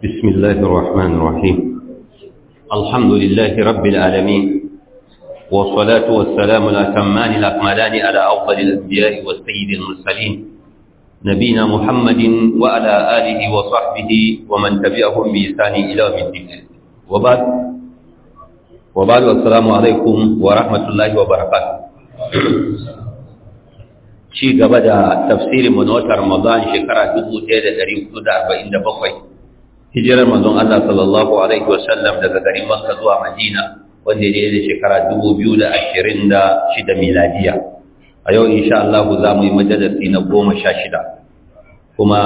بسم الله الرحمن الرحيم الحمد لله رب العالمين والصلاة والسلام الأتمان الأكملان على أفضل الأنبياء والسيد المرسلين نبينا محمد وعلى آله وصحبه ومن تبعهم بإحسان إلى يوم الدين وبعد وبعد السلام عليكم ورحمة الله وبركاته ci gaba da tafsirin mu na watan Ramadan shekara 1447 hijirar manzon Allah sallallahu alaihi wa sallam daga garin Makka zuwa Madina wanda ya da shekara shida miladiya a yau insha Allah za mu yi majalisi na shida. kuma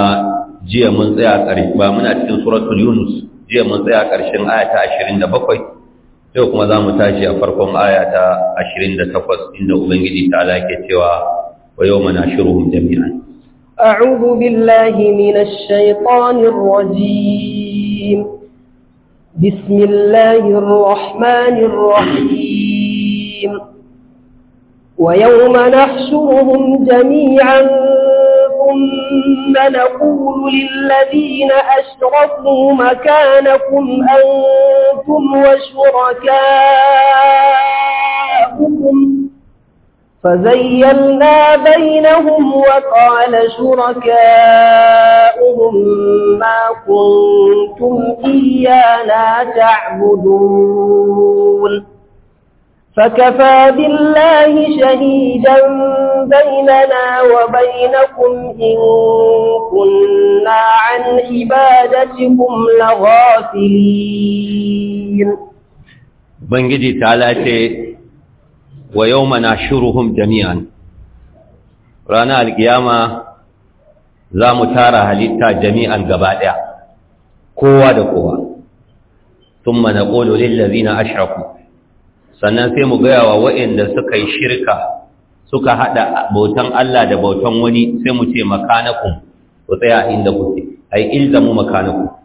jiya mun tsaya ƙarshe ba muna cikin suratul Yunus jiya mun tsaya ƙarshen ayata ashirin da bakwai, yau kuma za mu tashi a farkon ayata ashirin da takwas, inda ubangiji ta alake cewa wa yau mana shiruhun jami'an أعوذ بالله من الشيطان الرجيم الرجيم بسم الله الرحمن الرحيم ويوم نحشرهم جميعا ثم نقول للذين أشركوا مكانكم أنتم وشركاؤكم فزيلنا بينهم وقال شركاؤهم ما كنتم إيانا تعبدون فكفى بالله شهيدا بيننا وبينكم إن كنا عن عبادتكم لغافلين بنجي تعالى wa yawma nashuruhum jami'an rana alkiyama za mu tara halitta jami'an gaba daya kowa da kowa thumma naqulu lil ladzina ashraku sannan sai mu gaya wa waɗanda suka yi shirka suka hada bautan Allah da bautan wani sai mu ce makanakum ku tsaya inda kuke ai ilzamu makanakum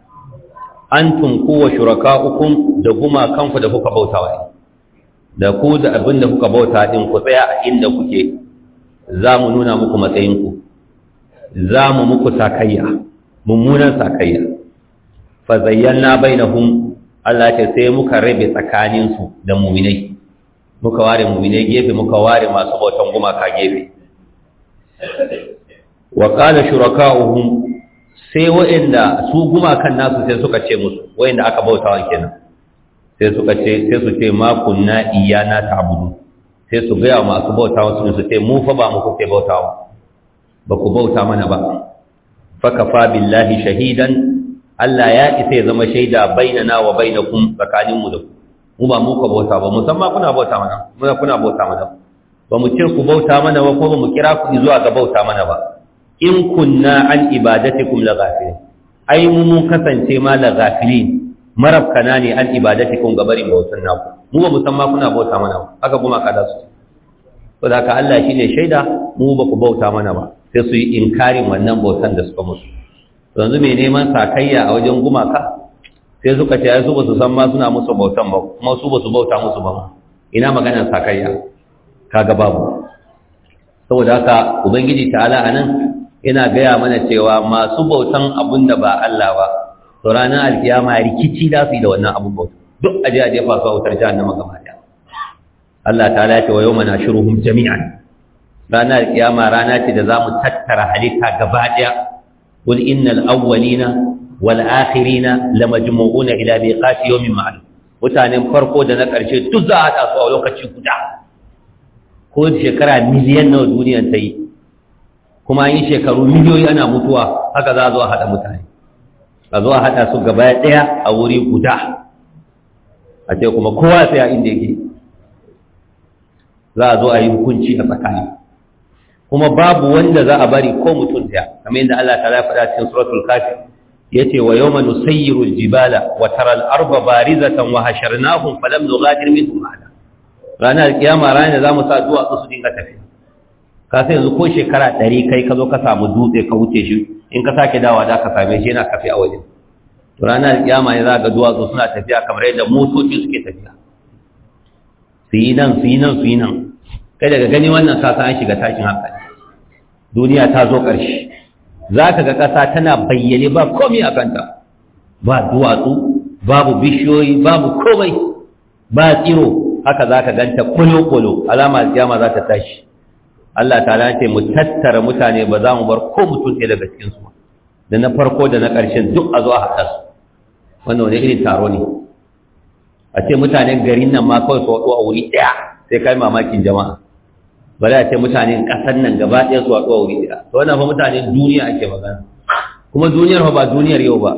antum kuwa shuraka'ukum da guma kanku da kuka bautawa da ku da abin da kuka bauta din ku tsaya a inda kuke za mu nuna muku matsayinku za mu muku sakayya mummunan sakayya fa zayyana bainahum Allah ce sai muka rabe tsakaninsu da muminai muka ware muminai gefe muka ware masu bautan gumaka gefe wa qala shuraka'uhum sai wa'inda su gumakan nasu sai suka ce musu wa'inda aka bauta wa kenan sai suka ce sai su ce ma kunna iyana ta'budu sai su gaya masu bauta wasu su ce mu fa ba mu kuke bautawa ba ku bauta mana ba fa kafa billahi shahidan Allah ya isa ya zama shaida bainana wa bainakum tsakanin mu da ku mu ba mu ka bauta ba musamman kuna bauta mana muna kuna bauta mana ba mu ce ku bauta mana ba ko ba mu kira ku zuwa ga bauta mana ba in kunna an ibadatikum la ghafirin ai mu mun kasance ma la ghafirin marabkana ne an ibadati kun gabarin bautan naku mu ba musamman kuna bauta mana ba haka kuma ka da su to da haka Allah shine shaida mu ba ku bauta mana ba sai su yi inkarin wannan bautan da suka musu yanzu mai neman sakayya a wajen gumaka sai suka ce ai su ba su san ma suna musu bautan ba kuma su ba su bauta musu ba ina maganar sakayya kaga babu saboda haka ubangiji ta'ala anan yana gaya mana cewa masu bautan abunda da ba Allah ba to ranar alkiyama rikici za su yi da wannan abubuwan duk aje aje fa su wutar jahannama na magabata. Allah Ta ya ce wa yawma nashuruhum jami'an ranar alkiyama rana ce da za mu tattara halitta gaba daya qul innal awwalina wal akhirina lamajmu'una ila miqati yawmin ma'lum mutanen farko da na ƙarshe duk za a taso a lokaci guda ko shekara miliyan nawa duniyar ta yi kuma yin shekaru miliyoyi ana mutuwa haka za a zo a haɗa mutane a zuwa haɗa su gaba ɗaya a wuri guda a ce kuma kowa sai a inda yake za a zo a yi hukunci a tsakani kuma babu wanda za a bari ko mutum ɗaya kamar yadda Allah ta faɗa cikin suratul kafir ce wa yawma nusayyiru aljibala wa tara al-arba barizatan wa hasharnahum falam nughadir minhum ahada ranar kiyama ranar da mu sa duwatsu su dinga tafiya ka sai yanzu ko shekara ɗari kai ka zo ka samu dutse ka wuce shi in ka sake dawa za ka same shi yana kafe a wajen to ranar kiyama ne za ga duwatsu suna tafiya kamar yadda motoci suke tafiya su yi nan su yi nan su yi nan kai daga gani wannan kasa an shiga tashin hankali duniya ta zo ƙarshe za ka ga ƙasa tana bayyane ba komai a kanta ba duwatsu babu bishiyoyi babu komai ba tsiro haka za ka ganta kwalo-kwalo alama kiyama za ta tashi Allah Ta ce mu tattara mutane ba za mu bar ko mutum ɗaya daga cikin su da na farko da na ƙarshen duk a zo a haɗa su wannan wani irin taro ne a ce mutanen garin nan ma kawai su waɗo a wuri ɗaya sai kai mamakin jama'a ba za a ce mutanen ƙasar nan gaba ɗaya su waɗo a wuri ɗaya to wannan fa mutanen duniya ake magana kuma duniyar fa ba duniyar yau ba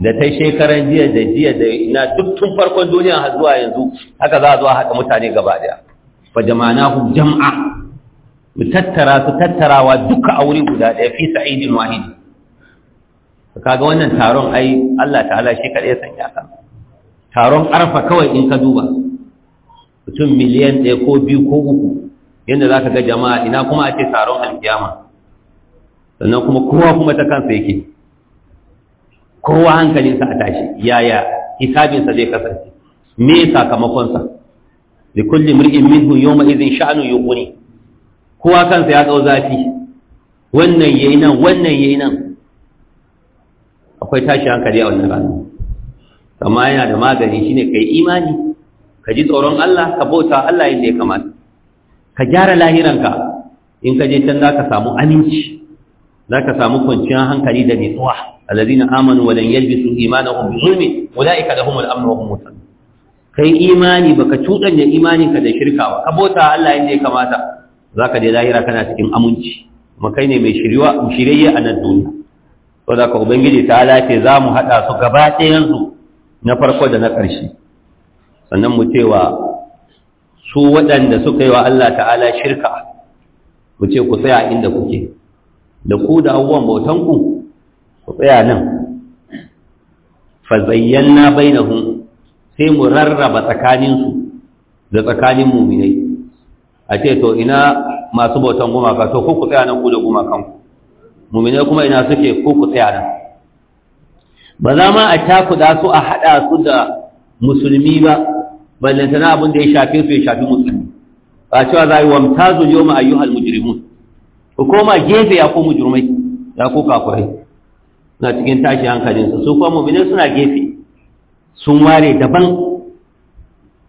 da ta shekaran jiya da jiya da ina duk tun farkon duniya har zuwa yanzu haka za a zo a haɗa mutane gaba ɗaya fa na jam'a mu tattara su tattarawa duka a wuri guda ɗaya fi sa'idin wahid kaga wannan taron ai Allah ta'ala shi kaɗai san ya taron arfa kawai in ka duba mutum miliyan ɗaya ko biyu ko uku yadda za ka ga jama'a ina kuma a ce taron alkiyama sannan kuma kowa kuma ta kansa yake kowa hankalinsa a tashi yaya hisabinsa zai kasance me sakamakonsa likulli kulli mri'in minhu yawma idhin sha'nu yughni kowa kansa ya tsau zafi wannan ya yi nan wannan ya yi nan akwai tashi hankali a wannan rana amma yana da magani shine kai imani ka ji tsoron Allah ka bauta Allah yadda ya kamata ka gyara lahiranka in ka je can zaka samu aminci zaka samu kwanciyar hankali da nutsuwa alladhina amanu wa lam yalbisu imanahum bi zulmin ulaika lahumul amnu wa hum muhtadun kai imani baka cuɗanya imaninka da shirka ba ka bauta Allah yadda ya kamata Za ka je lahira kana cikin aminci kuma kai ne mai shiriwa a nan duniya to da ka ubangiji ta ce za mu haɗa su gaba yanzu na farko da na ƙarshe sannan mu cewa su waɗanda suka yi wa Allah ta'ala shirka mu ce ku tsaya inda kuke da ku da abubuwan bautanku ku tsaya nan fa zayyana bainahum sai mu rarraba tsakaninsu da tsakanin muminai a ce to ina masu bautan gumaka to ku ku tsaya nan ku da gumakan ku mumine kuma ina suke ku ku tsaya nan ba za ma a da su a hada su da musulmi ba na abin da ya shafe su ya shafi musulmi ba cewa za yi wamtazu yau ma ayyuhal mujrimun ku koma gefe ya ko mujrimai ya ko kafirai na cikin tashi hankalin su kuma mumine suna gefe sun ware daban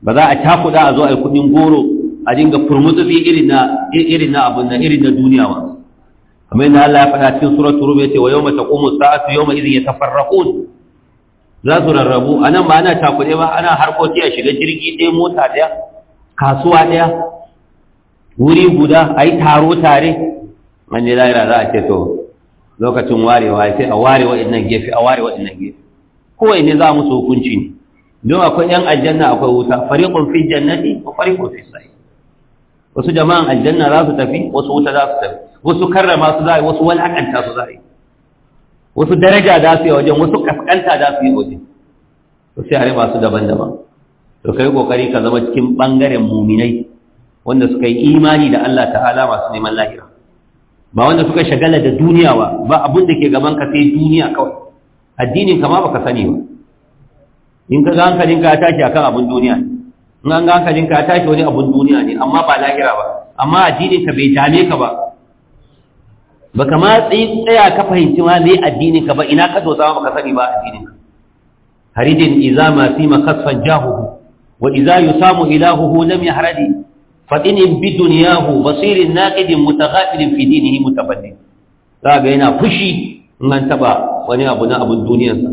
ba za a da a zo a yi goro a dinga furmutsufi irin na irin na abun nan irin na duniya wa kamar yadda Allah ya faɗa cikin suratul rum yace wa yawma taqumu sa'atu yawma idhin yatafarraqun za su rarrabu anan ba ana takure ba ana harkoki a shiga jirgi ɗaya mota ɗaya kasuwa ɗaya wuri guda a yi taro tare Man ne lahira za a ce to lokacin warewa sai a ware waɗannan gefe a ware waɗannan gefe kowai ne za musu hukunci ne don akwai yan aljanna akwai wuta fariqun fi jannati wa fariqun fi sa'i wasu jama'an aljanna za su tafi wasu wuta za su tafi wasu karrama su za a yi wasu walakanta su za a yi wasu daraja za su yi wajen wasu kaskanta za su yi wajen Wasu yare masu daban-daban to kai kokari ka zama cikin bangaren muminai wanda suka yi imani da Allah ta'ala masu neman lahira ba wanda suka shagala da duniya ba ba abin da ke gaban ka sai duniya kawai addinin ka ma baka sani ba in ka ga hankalinka ya tashi akan abin duniya in an ga hankalinka ya tashi wani abin duniya amma ba lahira ba amma addinin ka bai jame ka ba baka ma tsaya ka fahimci ma me addinin ka ba ina ka dosa ba baka sani ba addinin ka haridin iza ma fi makasfan jahuhu wa iza yusamu ilahuhu lam yahradi fadin bi dunyahu basirin naqidin mutaghafilin fi dinihi mutabaddil kaga yana fushi in an taba wani abu na abun duniyarsa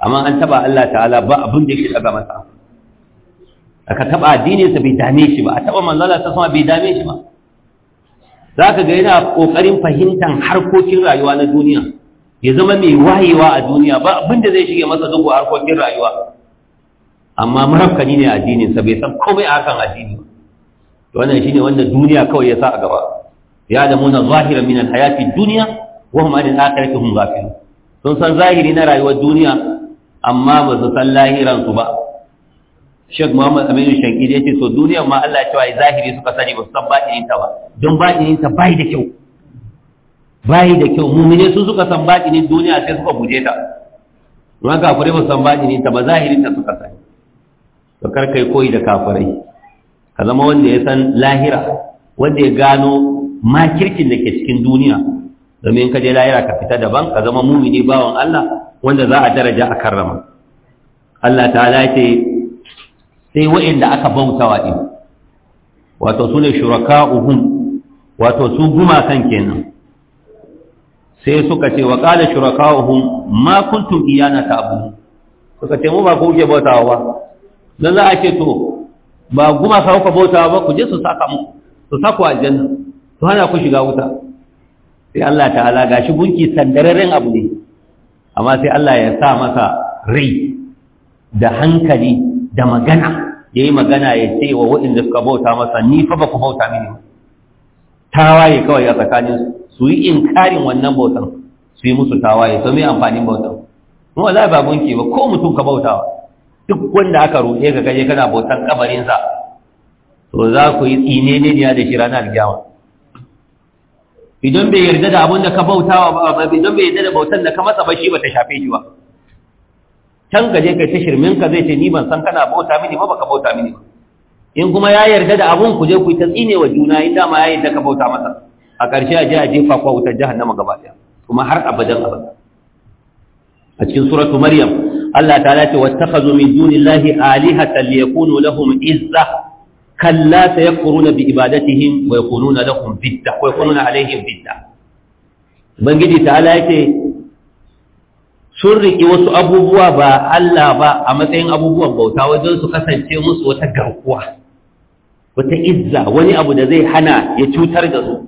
amma an taba Allah ta'ala ba abun da yake daga masa aka addinin addininsa bai dame shi ba a taɓa manzala ta sama bai dame shi ba za ka ga yana ƙoƙarin fahimtar harkokin rayuwa na duniya ya zama mai wayewa a duniya ba abin da zai shige masa a harkokin rayuwa amma marafkani ne addininsa bai san komai a kan addini wannan shine wanda duniya kawai ya sa a gaba ya da muna zahiran min alhayati duniya wa hum anil akhirati hum ghafilun sun san zahiri na rayuwar duniya amma ba su san lahiran su ba Sheikh Muhammad Aminu Shankiri ya ce to duniyar ma Allah cewa zahiri suka sani ba su san ta ba don ta bai da kyau bai da kyau mumine su suka san baɗinin duniya sai suka buje ta don haka kafirai ba su san ta ba zahirinta suka sani to karkai koyi da kafirai ka zama wanda ya san lahira wanda ya gano makirkin da ke cikin duniya domin ka je lahira ka fita daban ka zama mumini bawan Allah wanda za a daraja a karrama Allah ta'ala ce sai wa'inda aka bauta din wato su ne uhun, wato su gumakan kenan sai suka ce wa shuraka uhun ma kuntum iyana ta abu. suka ce mu ba ku ke bautawa ba dan za a ce to ba gumaka kuka bautawa ba ku je su saka mu su saku janna su hana ku shiga wuta sai Allah ta'ala gashi gunki sandararren abu ne amma sai Allah ya sa masa rai da hankali da magana ya yi magana ya ce wa waɗanda suka bauta masa ni fa ba ku bauta mini tawaye kawai a tsakanin su yi karin wannan bautan su yi musu tawaye su mai amfanin bautan? mu wala ba gunki ba ko mutum ka bautawa duk wanda aka rufe ka kaje kana bautan sa to za ku yi tsine ne da shi ranar alkiyama idan bai yarda da abin da ka bautawa ba idan bai yarda da bautan da ka masa ba shi ba ta shafe shi ba can ka je kai ta shirmin ka zai ce ni ban san kana bauta mini ba baka bauta mini ba in kuma ya yarda da abun ku je ku ta tsine wa juna in dama ya yarda ka bauta masa a ƙarshe a je a jefa kwa wutar jahannama gaba ɗaya kuma har abadan abada a cikin suratu maryam Allah ta'ala ce wattakhadhu min dunillahi alihatan liyakunu lahum izza kalla sayakfuruna bi ibadatihim wa yakununa lahum bidda wa yakununa alaihim bidda ubangiji ta'ala ce. sun riƙe wasu abubuwa ba Allah ba a matsayin abubuwan bauta wajen su kasance musu wata garkuwa wata izza wani abu da zai hana ya cutar da su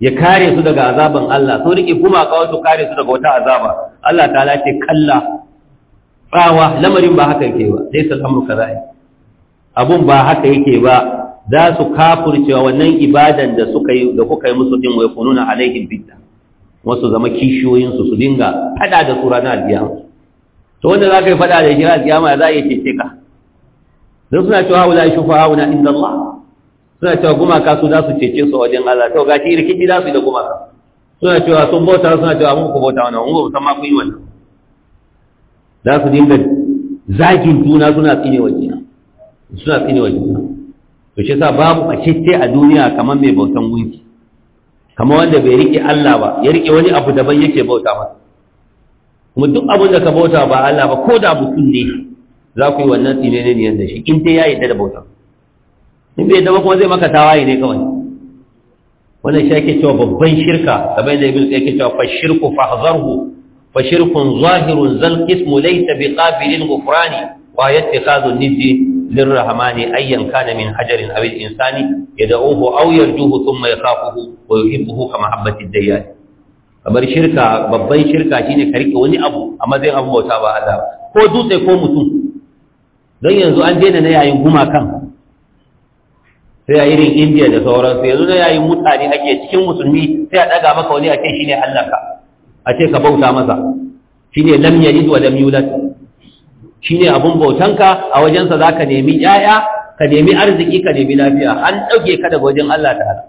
ya kare su daga azaban Allah sun riƙe kuma ka wasu kare su daga wata azaba Allah ta lace kalla tsawa lamarin ba haka yake ba sai su ka zai abun ba haka yake ba za su kafurcewa wannan ibadan da suka yi da kuka yi musu din wai kununa alaihim bidda wasu zama kishiyoyinsu su dinga fada da tsura na alkiyama to wanda za ka yi fada da jira alkiyama za a iya cece ka don suna cewa wula shi shufa hauna inda Allah suna cewa gumaka su za su cece su wajen Allah to gashi rikici za su yi da gumaka suna cewa sun bauta suna cewa mun ku bauta wannan mun ba san ma ku yi wannan za su dinga zagin juna suna tsine wa juna suna tsine wa juna to shi yasa babu a cece a duniya kamar mai bautan gunki kamar wanda bai rike Allah ba ya rike wani abu daban yake bauta masa kuma duk abin da ka bauta ba Allah ba ko da mutum ne za ku yi wannan tsine ne da shi in dai ya yi da bauta in bai yarda kuma zai maka tawaye ne kawai wannan shi yake cewa babban shirka kamar yadda ibnu yake cewa fa shirku fahzarhu fa shirkun zahirun zal qismu laysa biqabilin ghufrani wa yattakhadhu niddi للرحمن أيا كان من حجر أو الإنسان يدعوه أو يرجوه ثم يخافه ويحبه كمحبة الديان kamar shirka babban shirka shine ka rike wani abu a matsayin abu bauta ba Allah ko dutse ko mutum don yanzu an daina na yayin gumakan sai a irin indiya da sauransu yanzu na yayin mutane ake cikin musulmi sai a daga maka wani a ce shine Allah ka a ce ka bauta masa shine lam yalid wa lam yulad ne abin bautanka a wajensa ka nemi yaya ka nemi arziki ka nemi lafiya an ɗauke ka daga wajen Allah ta'ala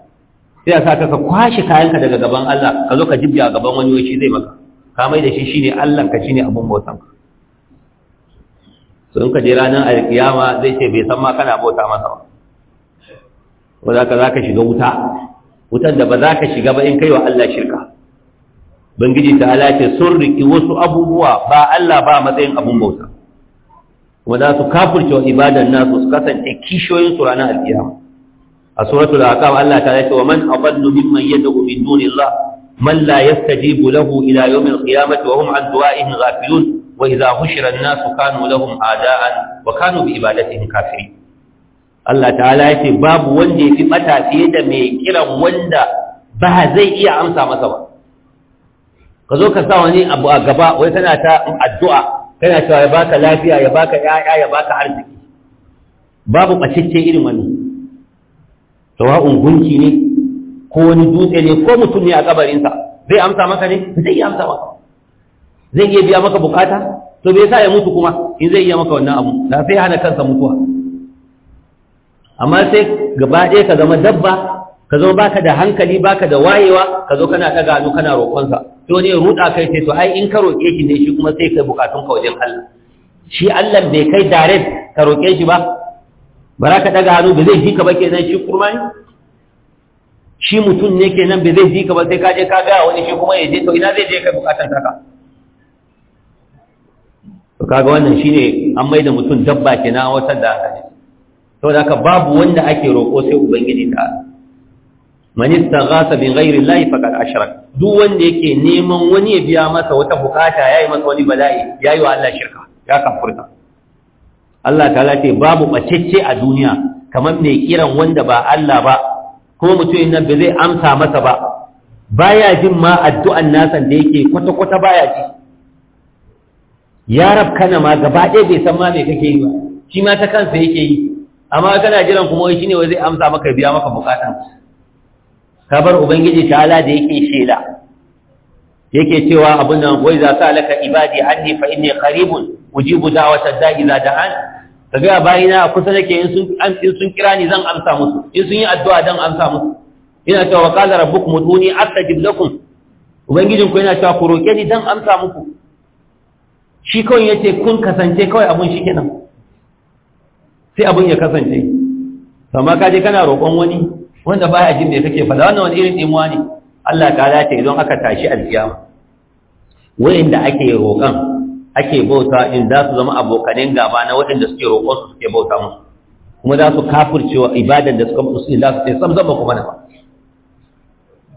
sai a sa ka kwashe kayanka daga gaban Allah ka zo ka jibya gaban wani wai zai maka ka mai da shi shi ne Allah ka shi ne abin bautanka sun ka je ranar alkiyama zai ce bai san ma kana bauta masa ba ko za ka za ka shiga wuta wutan da ba za ka shiga ba in kai wa Allah shirka bangiji ta ala sun riki wasu abubuwa ba Allah ba matsayin abin bauta kuma za su kafurce wa ibadan nasu su kasance kishiyoyin su ranar alkiyama a suratul aqab Allah ta ce wa man adallu mimman yad'u min dunillah man la yastajibu lahu ila yawm alqiyamati wa hum an du'a'ihim ghafilun wa idha hushira an-nasu kanu lahum a'da'an wa kanu bi ibadatihim kafirin Allah ta'ala ya ce babu wanda ya fi fiye da mai kiran wanda ba zai iya amsa masa ba ka zo ka sa wani abu a gaba wai tana ta addu'a kana cewa ya baka lafiya ya baka 'ya'ya ya baka arziki babu ɓacicce irin wannan sawa'un gunki ne ko wani dutse ne ko mutum ne a kabarinsa zai amsa maka ne zai iya amsa maka zai iya biya maka bukata to bai sa ya mutu kuma in zai iya maka wannan abu da sai hana kansa mutuwa amma sai gaba ɗaya ka zama dabba ka zama baka da hankali baka da wayewa ka zo kana ɗaga hannu kana roƙonsa sai wani ruɗa kai sai to ai in ka roƙe shi ne shi kuma sai kai bukatun ka wajen Allah shi Allah bai kai direct ka roƙe shi ba ba za ka daga hannu ba zai ji ka ba kenan shi kurma ne shi mutum ne kenan ba zai ji ka ba sai ka je ka ga wani shi kuma ya je to ina zai je kai bukatun ka to kaga wannan shine an maida mutum dabba kenan wata da haka ne saboda haka babu wanda ake roƙo sai ubangiji ta man istaghasa bi ghairi llahi faqad ashrak duk wanda yake neman wani ya biya masa wata bukata yayi masa wani bala'i yayi wa Allah shirka ya kafurta Allah ta'ala ce babu bacecce a duniya kamar mai kiran wanda ba Allah ba ko mutum nan ba zai amsa masa ba baya jin ma addu'an nasan da yake kwata kwata baya ji ya rab kana ma gaba ɗaya bai san ma me kake yi ba shi ma ta kansa yake yi amma kana jiran kuma wai shine wai zai amsa maka biya maka bukatan ka bar ubangiji ta'ala da yake shela yake cewa abun nan wai za sa laka ibadi anni fa inni qaribun ujibu da'watad da'i la da'an kaga bayina a kusa nake in sun an in sun kira ni zan amsa musu in sun yi addu'a dan amsa musu ina cewa qala rabbukum uduni astajib lakum ubangijin ku yana cewa ku roke ni dan amsa muku shi kawai yace kun kasance kawai abun shikenan sai abun ya kasance amma kaje kana roƙon wani wanda baya jin da kake fada wannan wani irin imuwa ne Allah ka dace idan aka tashi alkiyama wayanda ake roƙan ake bauta in za su zama abokanin gaba na waɗanda suke roƙon su suke bauta musu kuma za su kafircewa ibadan da suka musu za su sam zama kuma na ba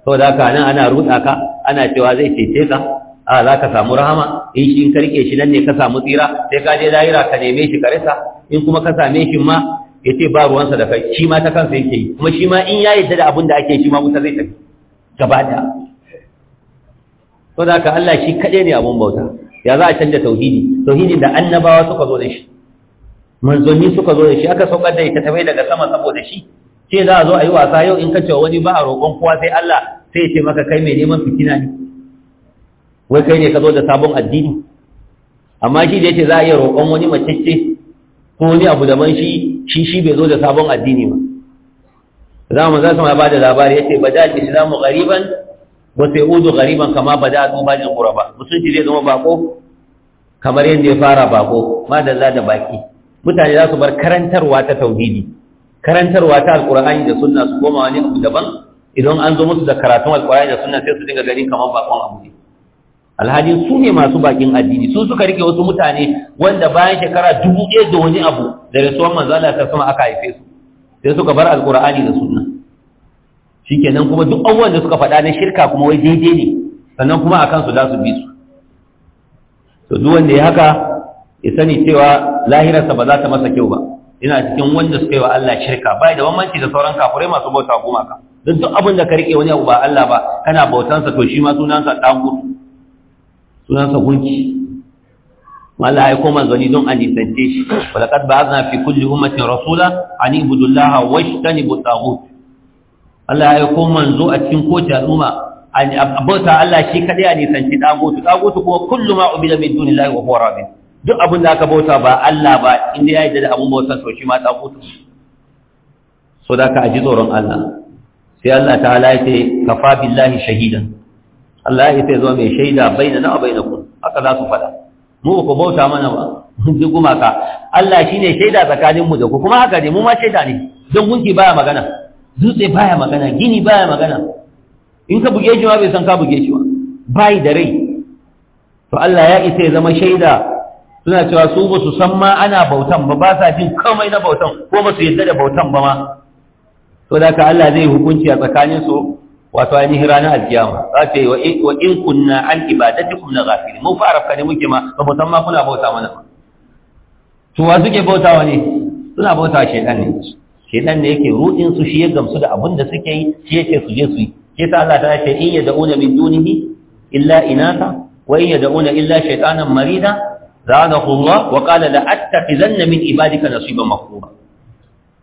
saboda haka nan ana ruɗa ka ana cewa zai cece ka a za ka samu rahama in shi in karke shi nan ne ka samu tsira sai ka je lahira ka neme shi ka rasa in kuma ka same shi ma ya ce ba ruwansa da kai shi ma ta kansa yake yi kuma shi ma in ya yadda da abin da ake shi ma wuta zai tafi gaba da to da Allah shi kaɗai ne abun bauta ya za a canja tauhidi tauhidin da annabawa suka zo da shi manzanni suka zo da shi aka saukar da ita tabai daga sama saboda shi ce za a zo a yi wasa yau in ka ce wani ba a roƙon kowa sai Allah sai ya ce maka kai mai neman fitina ne wai kai ne ka zo da sabon addini amma shi da ya ce za a iya roƙon wani macece ko wani abu da man shi shi shi bai zo da sabon addini ba za mu za su ma ba da labari yace bada al-islamu ghariban wa sayudu ghariban kama bada al-umma lil quraba musulunci zai zama bako kamar yadda ya fara bako madalla da baki mutane za su bar karantarwa ta tauhidi karantarwa ta alqur'ani da sunna su koma wani abu daban idan an zo musu da karatun alqur'ani da sunna sai su dinga ganin kamar bakon abu ne alhali su ne masu bakin addini su suka rike wasu mutane wanda bayan shekara dubu ɗaya da wani abu da rasuwar manzo Allah ta sama aka haife su sai suka bar alqur'ani da sunna shikenan kuma duk abubuwan da suka faɗa na shirka kuma wai daidai ne sannan kuma akan su za su bi su to duk wanda ya haka ya sani cewa lahirarsa ba za ta masa kyau ba ina cikin wanda suka yi wa Allah shirka bai da bambanci da sauran kafirai masu bauta gumaka don duk abin da ka rike wani abu ba Allah ba kana bautansa to shi ma sunansa ɗan gudu sunansa gunki Allah ya koma zani don a nisance shi Wala walaqad ba'athna fi kulli ummatin rasula an ibudu llaha washtanibu taghut Allah ya koma manzo a cikin kowace al'umma bauta Allah shi kadai a nisanci taghut taghut kuma kullu ma ubida min dunillahi wa huwa rabbi duk abin da aka bauta ba Allah ba inda ya yi da abun bautar to shi ma taghut so da ka aji tsoron Allah sai Allah ta'ala ya ce kafa billahi shahidan Allah ya fi zo mai shaida bai na na ku haka za su faɗa mu ku bauta mana ba mun ji gumaka Allah shine shaida tsakanin mu da ku kuma haka ne mu ma shaida ne don gunki baya magana dutse baya magana gini baya magana in ka buge shi ma bai san ka buge shi ba bai da rai to Allah ya isa ya zama shaida suna cewa su ba su san ma ana bautan ba ba sa jin komai na bautan ko ba su yarda da bautan ba ma to da ka Allah zai hukunci a tsakanin su wato ainihin ranar alkiyama za ta yi wa in kunna an ibadatikum na ghafili Mu fa arafka ne muke ma ba mu san ma kuna bauta mana ba to wa suke bautawa ne suna bauta shedan ne shedan ne yake rudin su shi ya gamsu da abin da suke yi shi yake su je su yi shi ta Allah ta ce in da'una min dunihi illa inata wa in da'una illa shaytanan marida zanahu Allah wa qala la attakhizanna min ibadika nasiban mafruba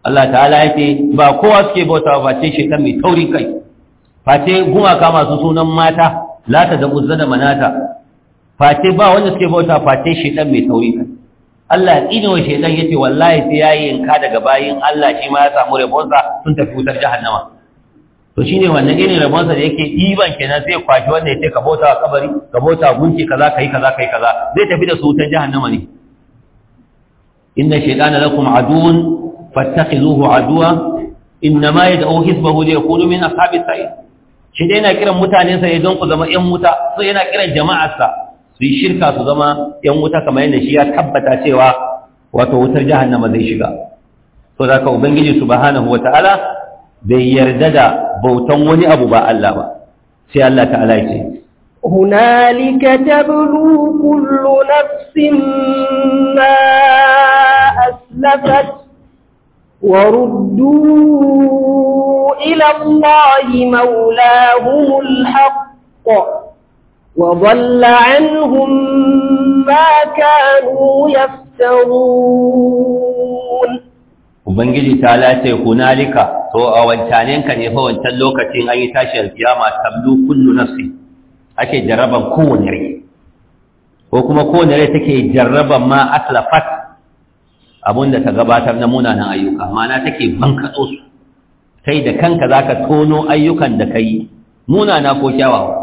Allah ta'ala yake ba kowa suke bautawa ba ce shedan mai taurin kai face gumaka masu sunan mata la ta uzza zana manata face ba wanda suke bauta face shedan mai tauri Allah ya tsine wa shedan yace wallahi sai yayi yanka daga bayin Allah shi ma ya samu rabonsa sun tafi wutar jahannama to shine wannan irin rabonsa da yake iban kenan sai kwashi wanda yace ka bauta kabari ka bauta gunki kaza kai kaza kai kaza zai tafi da su wutar jahannama ne inna shaytana lakum aduwwun fattakhizuhu aduwa innama yad'u hizbahu liyakunu min ashabis sa'id shi dai yana kiran mutanensa ya don ku zama ‘yan wuta so yana kiran jama'arsa su yi shirka su zama ‘yan wuta kamar yadda shi ya tabbata cewa wato wutar jahannama zai shiga so da ka ubangiji subhanahu ta'ala bai yarda da bautan wani abu ba Allah ba sai Allah ta'ala ya ce هنالك تبلو كل نفس ما أسلفت وردوا إلى الله مولاهم الحق وضل عنهم ما كانوا يفترون Ubangiji ta lace hunalika to a wancanenka ne fa wancan lokacin an yi tashin kiyama tablu kullu nafsi ake jarraban kowane rai ko kuma kowane rai take jarraban ma aslafat abinda ta gabatar na munanan ayyuka mana take bankaɗo su kai da kanka za ka tono ayyukan da kai munana ko kyawawa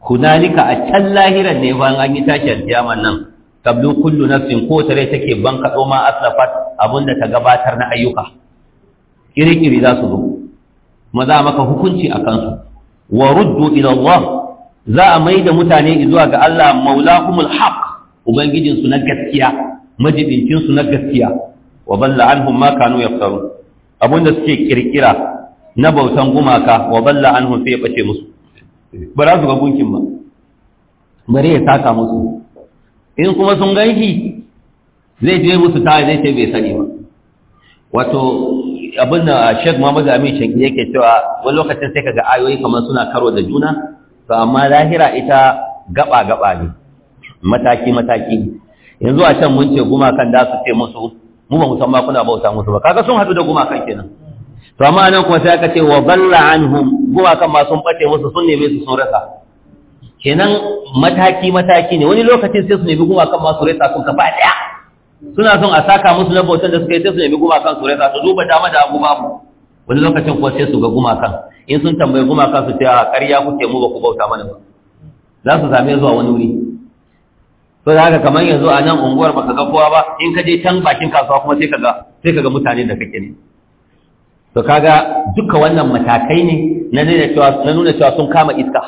kunalika a can lahiran ne bayan an yi tashi alkiyaman nan kablu kullu nafsin ko tare take ban banka ma aslafat da ta gabatar na ayyuka kirikiri za su zo maza maka hukunci a kansu wa ruddu ila Allah za a mai da mutane zuwa ga Allah maulahumul haq ubangijinsu na gaskiya majibincinsu na gaskiya wa balla anhum ma kanu yaftarun da suke kirkira na bautan gumaka wa balla anhum sai ya bace musu ba za su ga gunkin ba bari ya saka musu in kuma sun gaihi zai je musu ta zai ce bai sani ba wato abin da Sheikh Muhammad Amin Shaki yake cewa wani lokacin sai kaga ayoyi kamar suna karo da juna to amma lahira ita gaba gaba ne mataki mataki yanzu a can mun ce gumakan da su ce musu mu ba musamman kuna bauta musu ba kaga sun haɗu da gumakan kenan to amma nan kuma sai aka ce wa balla anhum gumakan ma sun bace musu sun neme su sun rasa kenan mataki mataki ne wani lokacin sai su nemi gumakan ma su rasa sun kafa daya suna son a saka musu na bautan da suka yi sai su nemi gumakan su rasa su duba dama da abu babu wani lokacin kuwa sai su ga gumakan in sun tambayi gumakan su ce a ƙarya kuke mu ba ku bauta mana ba za su same zuwa wani wuri to da haka kamar yanzu a nan unguwar baka ga kowa ba in ka je can bakin kasuwa kuma sai ka ga, sai ka ga mutane da kake ne to kaga duka wannan matakai ne na nuna cewa na nuna cewa sun kama iska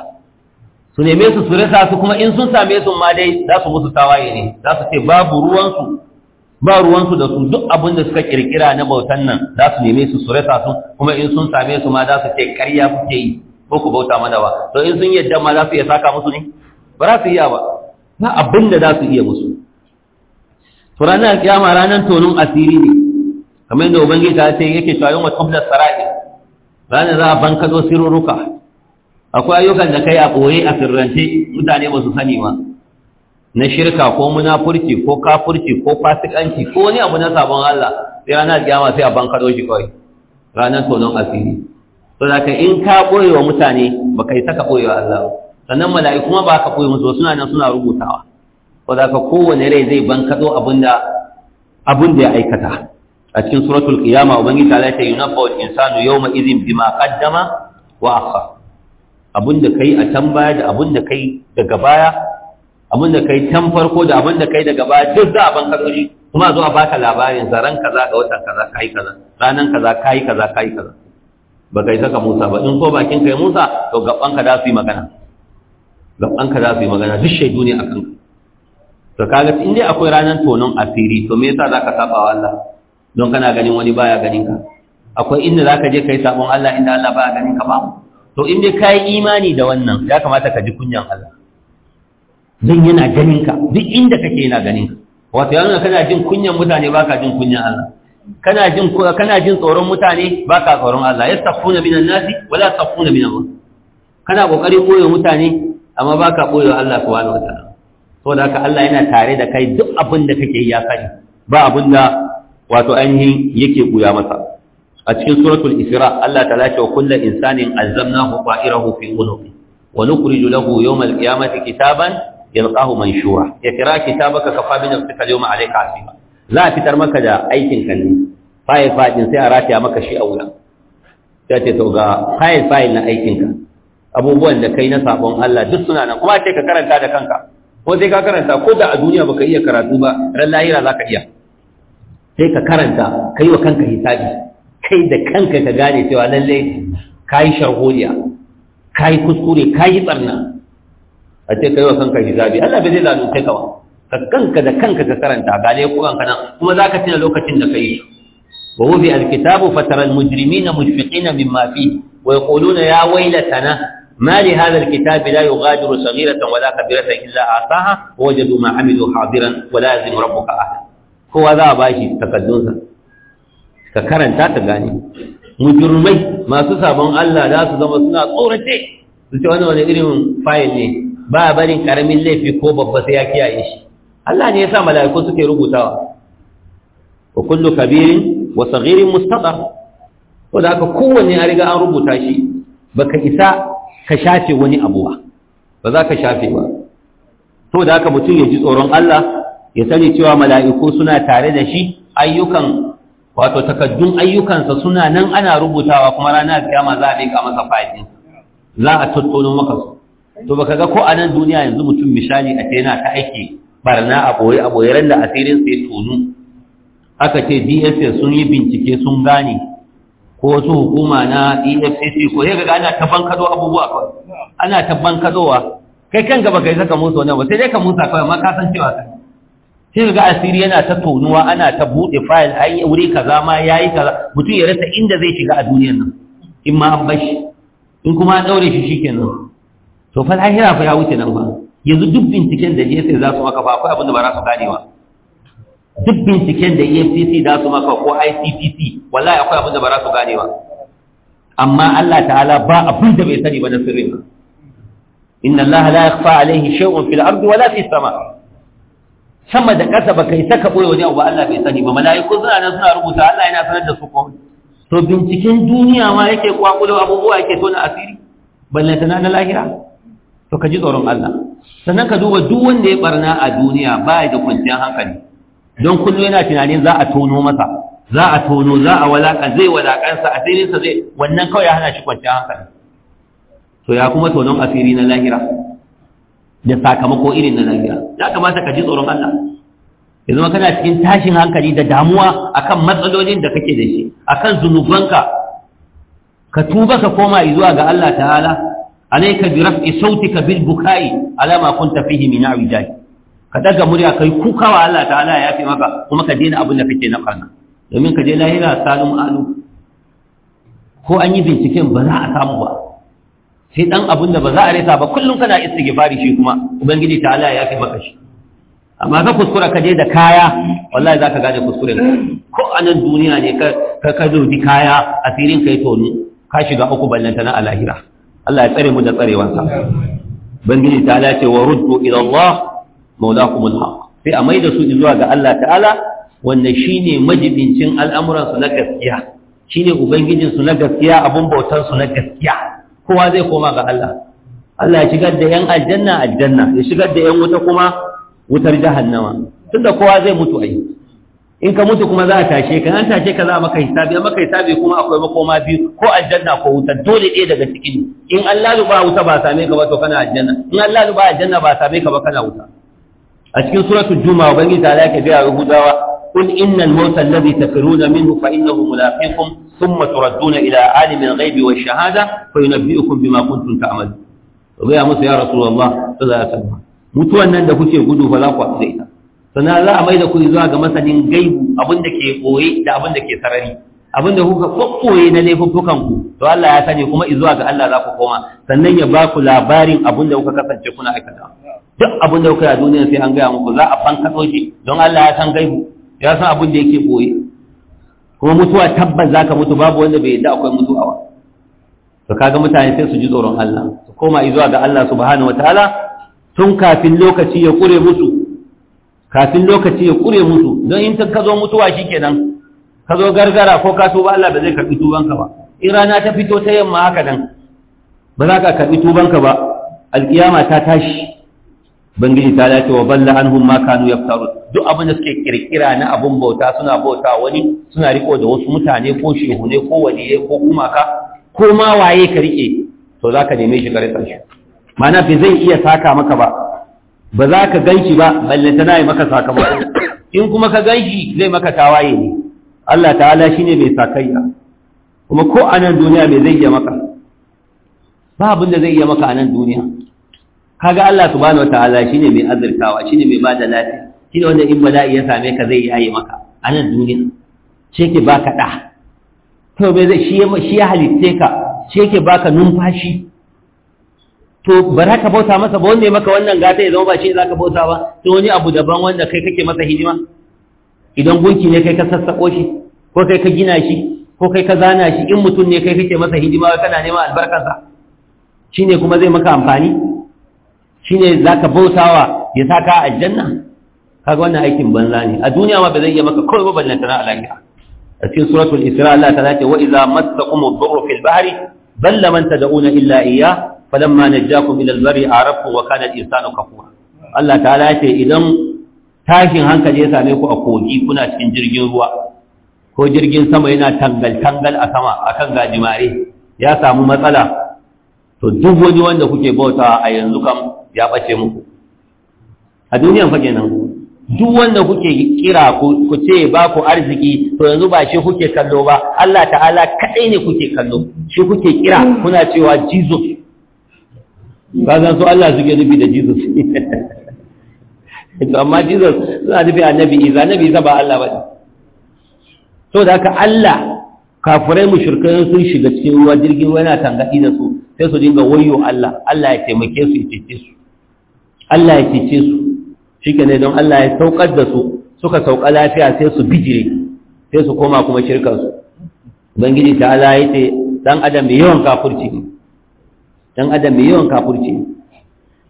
su neme su su rasa su kuma in sun same su ma dai za su musu tawaye ne za su ce babu ruwansu ba ruwansu da su duk abin da suka kirkira na bautan nan za su neme su su rasa su kuma in sun same su ma za su ce ƙarya kuke yi ko ku bauta mana ba to in sun yadda ma za su iya saka musu ne ba za su iya ba ba abin da za su iya musu to ranar kiyama ranar tonon asiri ne kamar yadda ubangiji ta ce yake cewa yawan tumlar sarari. ranar za a zo siruruka akwai ayyukan da kai a ɓoye a sirrance mutane ba su sani ba na shirka ko munafurci ko kafurci ko fasikanci ko wani abu na sabon Allah sai ranar kiyama sai a zo shi kawai ranar tonon asiri to da in ka ɓoye wa mutane ba kai saka ɓoye wa Allah ba sannan mala'iku ma ba ka koyi musu suna nan suna rubutawa ko za ka kowane rai zai bankaɗo abinda abin da ya aikata a cikin suratul qiyama ubangi ta ce yunabba wal insanu yawma idhin bima qaddama wa akhar abinda kai a can baya da abinda kai daga baya abinda kai can farko da abinda kai daga baya duk za a bankaɗo shi kuma zo a baka labarin zaren kaza ga watan kaza kai kaza ranan kaza kai kaza kai kaza ba kai saka Musa ba in ko bakin kai Musa to gaban ka da su yi magana gaban ka za su yi magana duk shaidu ne a kan to kaga in dai akwai ranar tonon asiri to me yasa zaka saba wa Allah don kana ganin wani baya ganin ka akwai inda zaka je kai sabon Allah inda Allah baya ganin ka ba to in dai kai imani da wannan ya kamata ka ji kunyan Allah dan yana ganin ka duk inda kake yana ganin ka wato yana kana jin kunyan mutane baka jin kunyan Allah kana jin kana jin tsoron mutane ba ka tsoron Allah yastafuna minan nasi wala tafuna minan Allah kana kokari koyo mutane amma ba ka ɓoyewa Allah su wani wata so da haka Allah yana tare da kai duk abin da kake ya sani ba abin da wato ainihin yake ɓuya masa a cikin suratul isra Allah ta lace wa kulla insanin alzamnahu ta'irahu fi unuqi wa nukhriju lahu yawm alqiyamati kitaban yalqahu manshura ikra kitabaka kafa bi nafsika al-yawma alayka hasiba za a fitar maka da aikin ne. fayil fayil sai a rataya maka shi a wuya sai ce to ga fayil fayil na aikinka abubuwan da kai na sabon Allah duk suna nan kuma sai ka karanta da kanka ko sai ka karanta ko da a duniya baka iya karatu ba ran lahira zaka iya sai ka karanta kai wa kanka hisabi kai da kanka ka gane cewa lalle kai sharholiya kai kuskure kai barna a ce kai wa kanka hisabi Allah bai zai kai ka ka kanka da kanka ka karanta ga dai kuran kana kuma zaka tuna lokacin da kai wa wubi alkitabu fatara almujrimina mushfiqina mimma fi, wa yaquluna ya waylatana ما لهذا الكتاب لا يغادر صغيرة ولا كبيرة إلا أعطاها ووجدوا ما عملوا حاضرا ولا يزم ربك أحد هو ذا باشي تقدونسا ككرن تاتغاني مجرمي ما سسابون الله لا سزم سنا صورة su ce wani wani irin fayil ne ba barin karamin laifi ko babba sai ya kiyaye shi Allah ne ya sa mala'iku suke rubutawa wa kullu kabirin wa ko da kowanne an riga an rubuta shi baka isa ka shafe wani abu ba ba za ka shafe ba to da haka mutum ya ji tsoron Allah ya sani cewa mala'iku suna tare da shi ayyukan wato takaddun ayyukansa suna nan ana rubutawa kuma ranar kiyama za a miƙa masa fa'idin za a tattono maka su to baka ga ko a nan duniya yanzu mutum misali a yana ta aiki barna a boye a boye ran da asirin sai tunu? aka ce DSS sun yi bincike sun gane ko wasu hukuma na efcc ko sai ga ana ta bankado abubuwa kawai ana ta bankadowa kai kan gaba kai saka musu wannan ba sai dai ka musa kawai amma ka san cewa kai sai ga asiri yana ta tonuwa ana ta bude fayil an yi wuri kaza ma ya yi kaza mutum ya rasa inda zai shiga a duniyar nan in ma an bashi in kuma an daure shi shikenan to fa lahira fa ya wuce nan ba yanzu duk binciken da jefe za su maka ba akwai abin da ba za su gane ba duk binciken da EFCC da su maka ko ICCC wallahi akwai abin da ba za su gane ba amma Allah ta'ala ba abin da bai sani ba na sirrin ka inna Allah la yakhfa alayhi shay'un fil ardi wala fi sama sama da kasa baka yi saka boye wani abu Allah bai sani ba mala'iku suna nan suna rubuta Allah yana sanar da su ko to binciken duniya ma yake kwakulo abubuwa yake tona asiri ballantana na lahira to ka ji tsoron Allah sannan ka duba duk wanda ya barna a duniya ba ya da kwanciyar hankali don kullum yana tunanin za a tono masa za a tono za a walaƙa, zai walakansa asirinsa zai wannan kawai ya hana shi kwanciyar hankali to ya kuma tonon asiri na lahira da sakamako irin na lahira ya kamata ka ji tsoron Allah ya zama kana cikin tashin hankali da damuwa akan matsalolin da kake da shi akan zunubanka ka tuba ka koma zuwa ga Allah ta'ala alayka bi raf'i sautika bil bukai ala ma kunta fihi min awijai ka daga murya kai kuka wa Allah ta'ala ya fi maka kuma ka daina abin da kake na farna domin ka je lahira salim alu ko an yi binciken ba za a samu ba sai dan abin da ba za a rasa ba kullum kana istighfari shi kuma ubangiji ta'ala ya fi maka shi amma ka kuskura ka je da kaya wallahi zaka gane kuskuren ko a nan duniya ne ka ka zurbi kaya asirin kai to ka shiga uku ballanta na alahira Allah ya tsare mu da tsarewansa bangiji ta lace wa ruddu ila Allah maulakumul haq sai a maida su zuwa ga Allah ta'ala wanda shine majibincin al'amuran su na gaskiya shine ubangijin su na gaskiya abun bautar su na gaskiya kowa zai koma ga Allah Allah ya shigar da yan aljanna aljanna ya shigar da yan wuta kuma wutar jahannama tunda kowa zai mutu ai in ka mutu kuma za a tashe ka an tashe ka za a maka hisabi a maka hisabi kuma akwai makoma biyu ko aljanna ko wuta dole ɗaya daga cikin in Allah ba wuta ba same ka ba to kana aljanna in Allah ba aljanna ba same ka ba kana wuta a cikin suratul juma'a ubangiji ta alaka yahudawa قل إن الموت الذي تفرون منه فإنه ملاقيكم ثم تردون إلى عالم الغيب والشهادة فينبئكم بما كنتم تعملون ويا موسى يا رسول الله صلى الله عليه وسلم mutuwan nan da kuke gudu fa za ku haɗu da ita sannan za a maida ku zuwa ga masanin gaibu abin da ke koye da abin da ke sarari abinda kuka kokkoye na laifuffukan ku to Allah ya sani kuma izuwa ga Allah za ku koma sannan ya ba ku labarin abinda kuka kasance kuna aikata duk da kuka yi a duniya sai an gaya muku za a fanka shi don Allah ya san gaibu ya san abin da yake boye kuma mutuwa tabbas zaka mutu babu wanda bai yadda akwai mutuwa ba to kaga mutane sai su ji tsoron Allah su koma izuwa ga Allah subhanahu wataala tun kafin lokaci ya kure musu kafin lokaci ya kure musu don in ta kazo mutuwa shikenan ka zo gargara ko ka tuba Allah ba zai karbi tubanka ba in rana ta fito ta yamma haka nan ba za ka karbi tubanka ba alkiyama ta tashi bangiji ta lati wa balla anhum ma kanu yaftaru duk abin da suke kirkira na abun bauta suna bauta wani suna riko da wasu mutane ko shehune ko waliye ko kuma ka, ko ma waye ka rike to za ka neme shi gare shi mana bai zai iya saka maka ba ba za ka ganshi ba ballantana ya maka sakamako in kuma ka ganshi zai maka tawaye ne Allah ta'ala shine mai sakayya kuma ko a nan duniya mai zai iya maka ba abin da zai iya maka a nan duniya kaga Allah subhanahu shi shine mai azurtawa shine mai ba da lafiya shine wanda in bala'i ya same ka zai yayi maka a nan duniya shi ba ka ɗa? to bai zai shi ya halitte ka shi ba ka numfashi to bari haka ka bauta masa ba wanda ya maka wannan gata ya zama ba shi za ka bauta ba to wani abu daban wanda kai kake masa hidima idan gunki ne kai ka sassaƙo shi ko kai ka gina shi ko kai ka zana shi in mutum ne kai kake masa hidima kana neman albarkarsa shine kuma zai maka amfani shine zaka bautawa ya saka aljanna kaga wannan aikin banza ne a duniya ma ba zai iya maka kawai ba ballan na alaƙa a cikin suratul isra Allah ta ce wa idza massakum ad-durru fil bahri balla man tad'una illa iyyah falamma najjakum ila al-barri a wa kana al-insanu kafura Allah ta ce idan tashin hankali ya same ku a kogi kuna cikin jirgin ruwa ko jirgin sama yana tangal-tangal a sama a kan gajimare ya samu matsala to duk wani wanda kuke bauta a yanzu kam ya bace muku a duniyan fage nan duk wanda kuke kira ku ce ba ku arziki to yanzu ba shi kuke kallo ba Allah ta'ala kadai ne kuke kallo shi kuke kira kuna cewa Jesus ba zan so Allah suke nufi da Jesus to amma jesus suna nufi annabi isa annabi isa ba allah ba ne to da haka allah kafirai mushrikai sun shiga cikin ruwa jirgin ruwa yana tangadi da su sai su dinga wayo allah allah ya taimake su ya cece su allah ya cece su shikenan don allah ya saukar da su suka sauka lafiya sai su bijire sai su koma kuma shirkar su ubangiji ta ala ya ce dan adam mai yawan kafurci dan adam mai yawan kafurci ne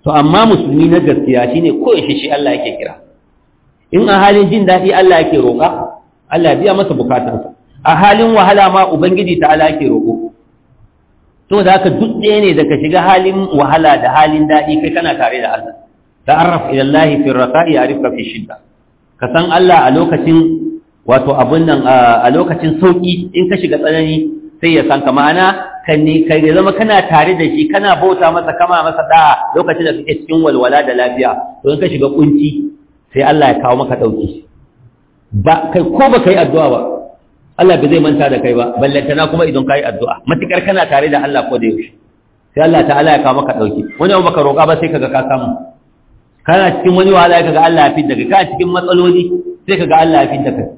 to amma musulmi na gaskiya shine koyaushe shi Allah yake kira in a halin jin daɗi Allah yake roƙa Allah biya masa bukatansa a halin wahala ma ubangiji ta Allah yake roƙo to da haka duk ɗaya ne daga shiga halin wahala da halin daɗi kai kana tare da Allah ta'arraf ila Allah fi raqa'i ya'rifka fi shidda ka san Allah a lokacin wato abun nan a lokacin sauki in ka shiga tsanani sai ya san ka ma'ana ka ne kai zama kana tare da shi kana bauta masa kama masa da'a lokacin da kake cikin walwala da lafiya to in ka shiga kunci sai Allah ya kawo maka dauki ba kai ko ba kai addu'a ba Allah bai zai manta da kai ba ballantana kuma idan kai addu'a matukar kana tare da Allah ko da yaushe sai Allah ta'ala ya kawo maka dauki wani abu ka roƙa ba sai kaga ka samu kana cikin wani wahala ya kaga Allah ya fidda kai kana cikin matsaloli sai kaga Allah ya fidda kai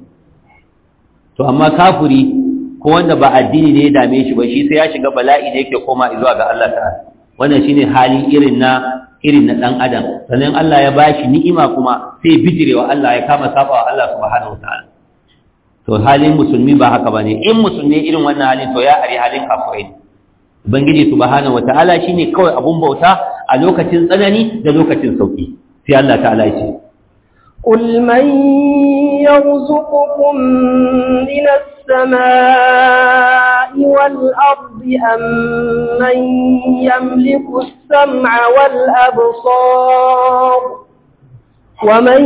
to amma kafuri. ko wanda ba addini ne ya dame shi ba shi sai ya shiga bala'i da yake koma zuwa ga Allah ta'ala wannan shine hali irin na irin na dan adam sannan Allah ya bashi ni'ima kuma sai bijirewa Allah ya kama saba wa Allah subhanahu wataala to halin musulmi ba haka bane in musulmi irin wannan halin to ya ari halin kafirin ubangiji subhanahu wataala shine kawai abun bauta a lokacin tsanani da lokacin sauki sai Allah ta'ala ya ce قل من يرزقكم السماء والأرض أمن يملك السمع والأبصار ومن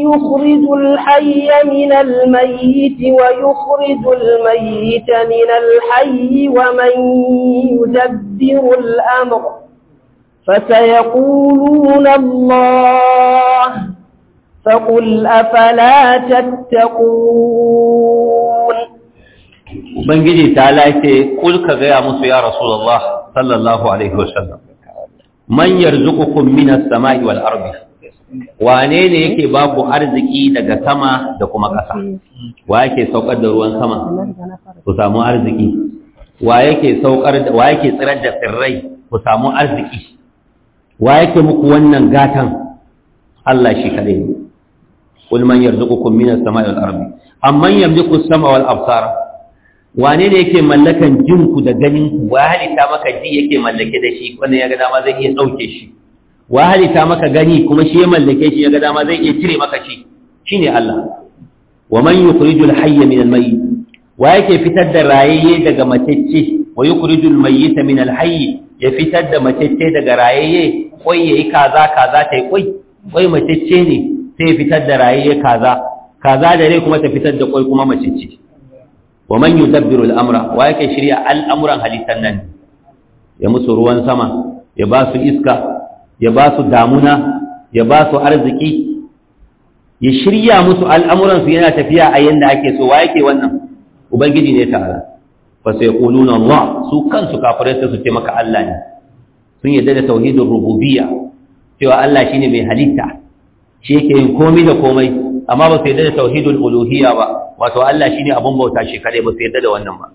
يخرج الحي من الميت ويخرج الميت من الحي ومن يدبر الأمر فسيقولون الله فقل أفلا تتقون من جدي تعالى قل كذي أمس يا رسول الله صلى الله عليه وسلم من يرزقكم من السماء والأرض wane ne yake babu arziki daga sama da kuma ƙasa wa yake saukar da ruwan sama ku samu arziki wa yake saukar da wa yake tsirar da tsirrai ku samu arziki wa yake muku wannan gatan Allah shi kare ne qul man yarzuqukum minas sama'i wal ardi amman yamliku as-sama'a wal absara wane ne yake mallakan jinku da ganin ku wa halitta maka ji yake mallake da shi wannan ya ga dama zai iya dauke shi wa halitta maka gani kuma shi ya mallake shi ya ga dama zai iya cire maka shi shine Allah wa man yukhrijul hayya min al-mayyit wa yake fitar da rayayye daga matacce wa yukhrijul mayyita min al-hayy ya fitar da matacce daga rayayye koi yayi kaza kaza tai koi koi matacce ne sai fitar da rayuwar kaza kaza da rai kuma ta fitar da kwai kuma mace ce wa man yudabbiru al-amra wa yake shirya al'amuran halittar nan ya musu ruwan sama ya ba su iska ya ba su damuna ya ba su arziki ya shirya musu al'amuransu yana tafiya a yadda ake so wa yake wannan ubangiji ne ta'ala ba sai ƙuluna ma su kansu kafirai sai su ce maka Allah ne sun yadda da tauhidin rububiyya cewa Allah shine mai halitta shi yake yin komai da komai amma ba su yarda da tauhidul uluhiyya ba wato Allah shine abun bauta shi kadai ba su yarda da wannan ba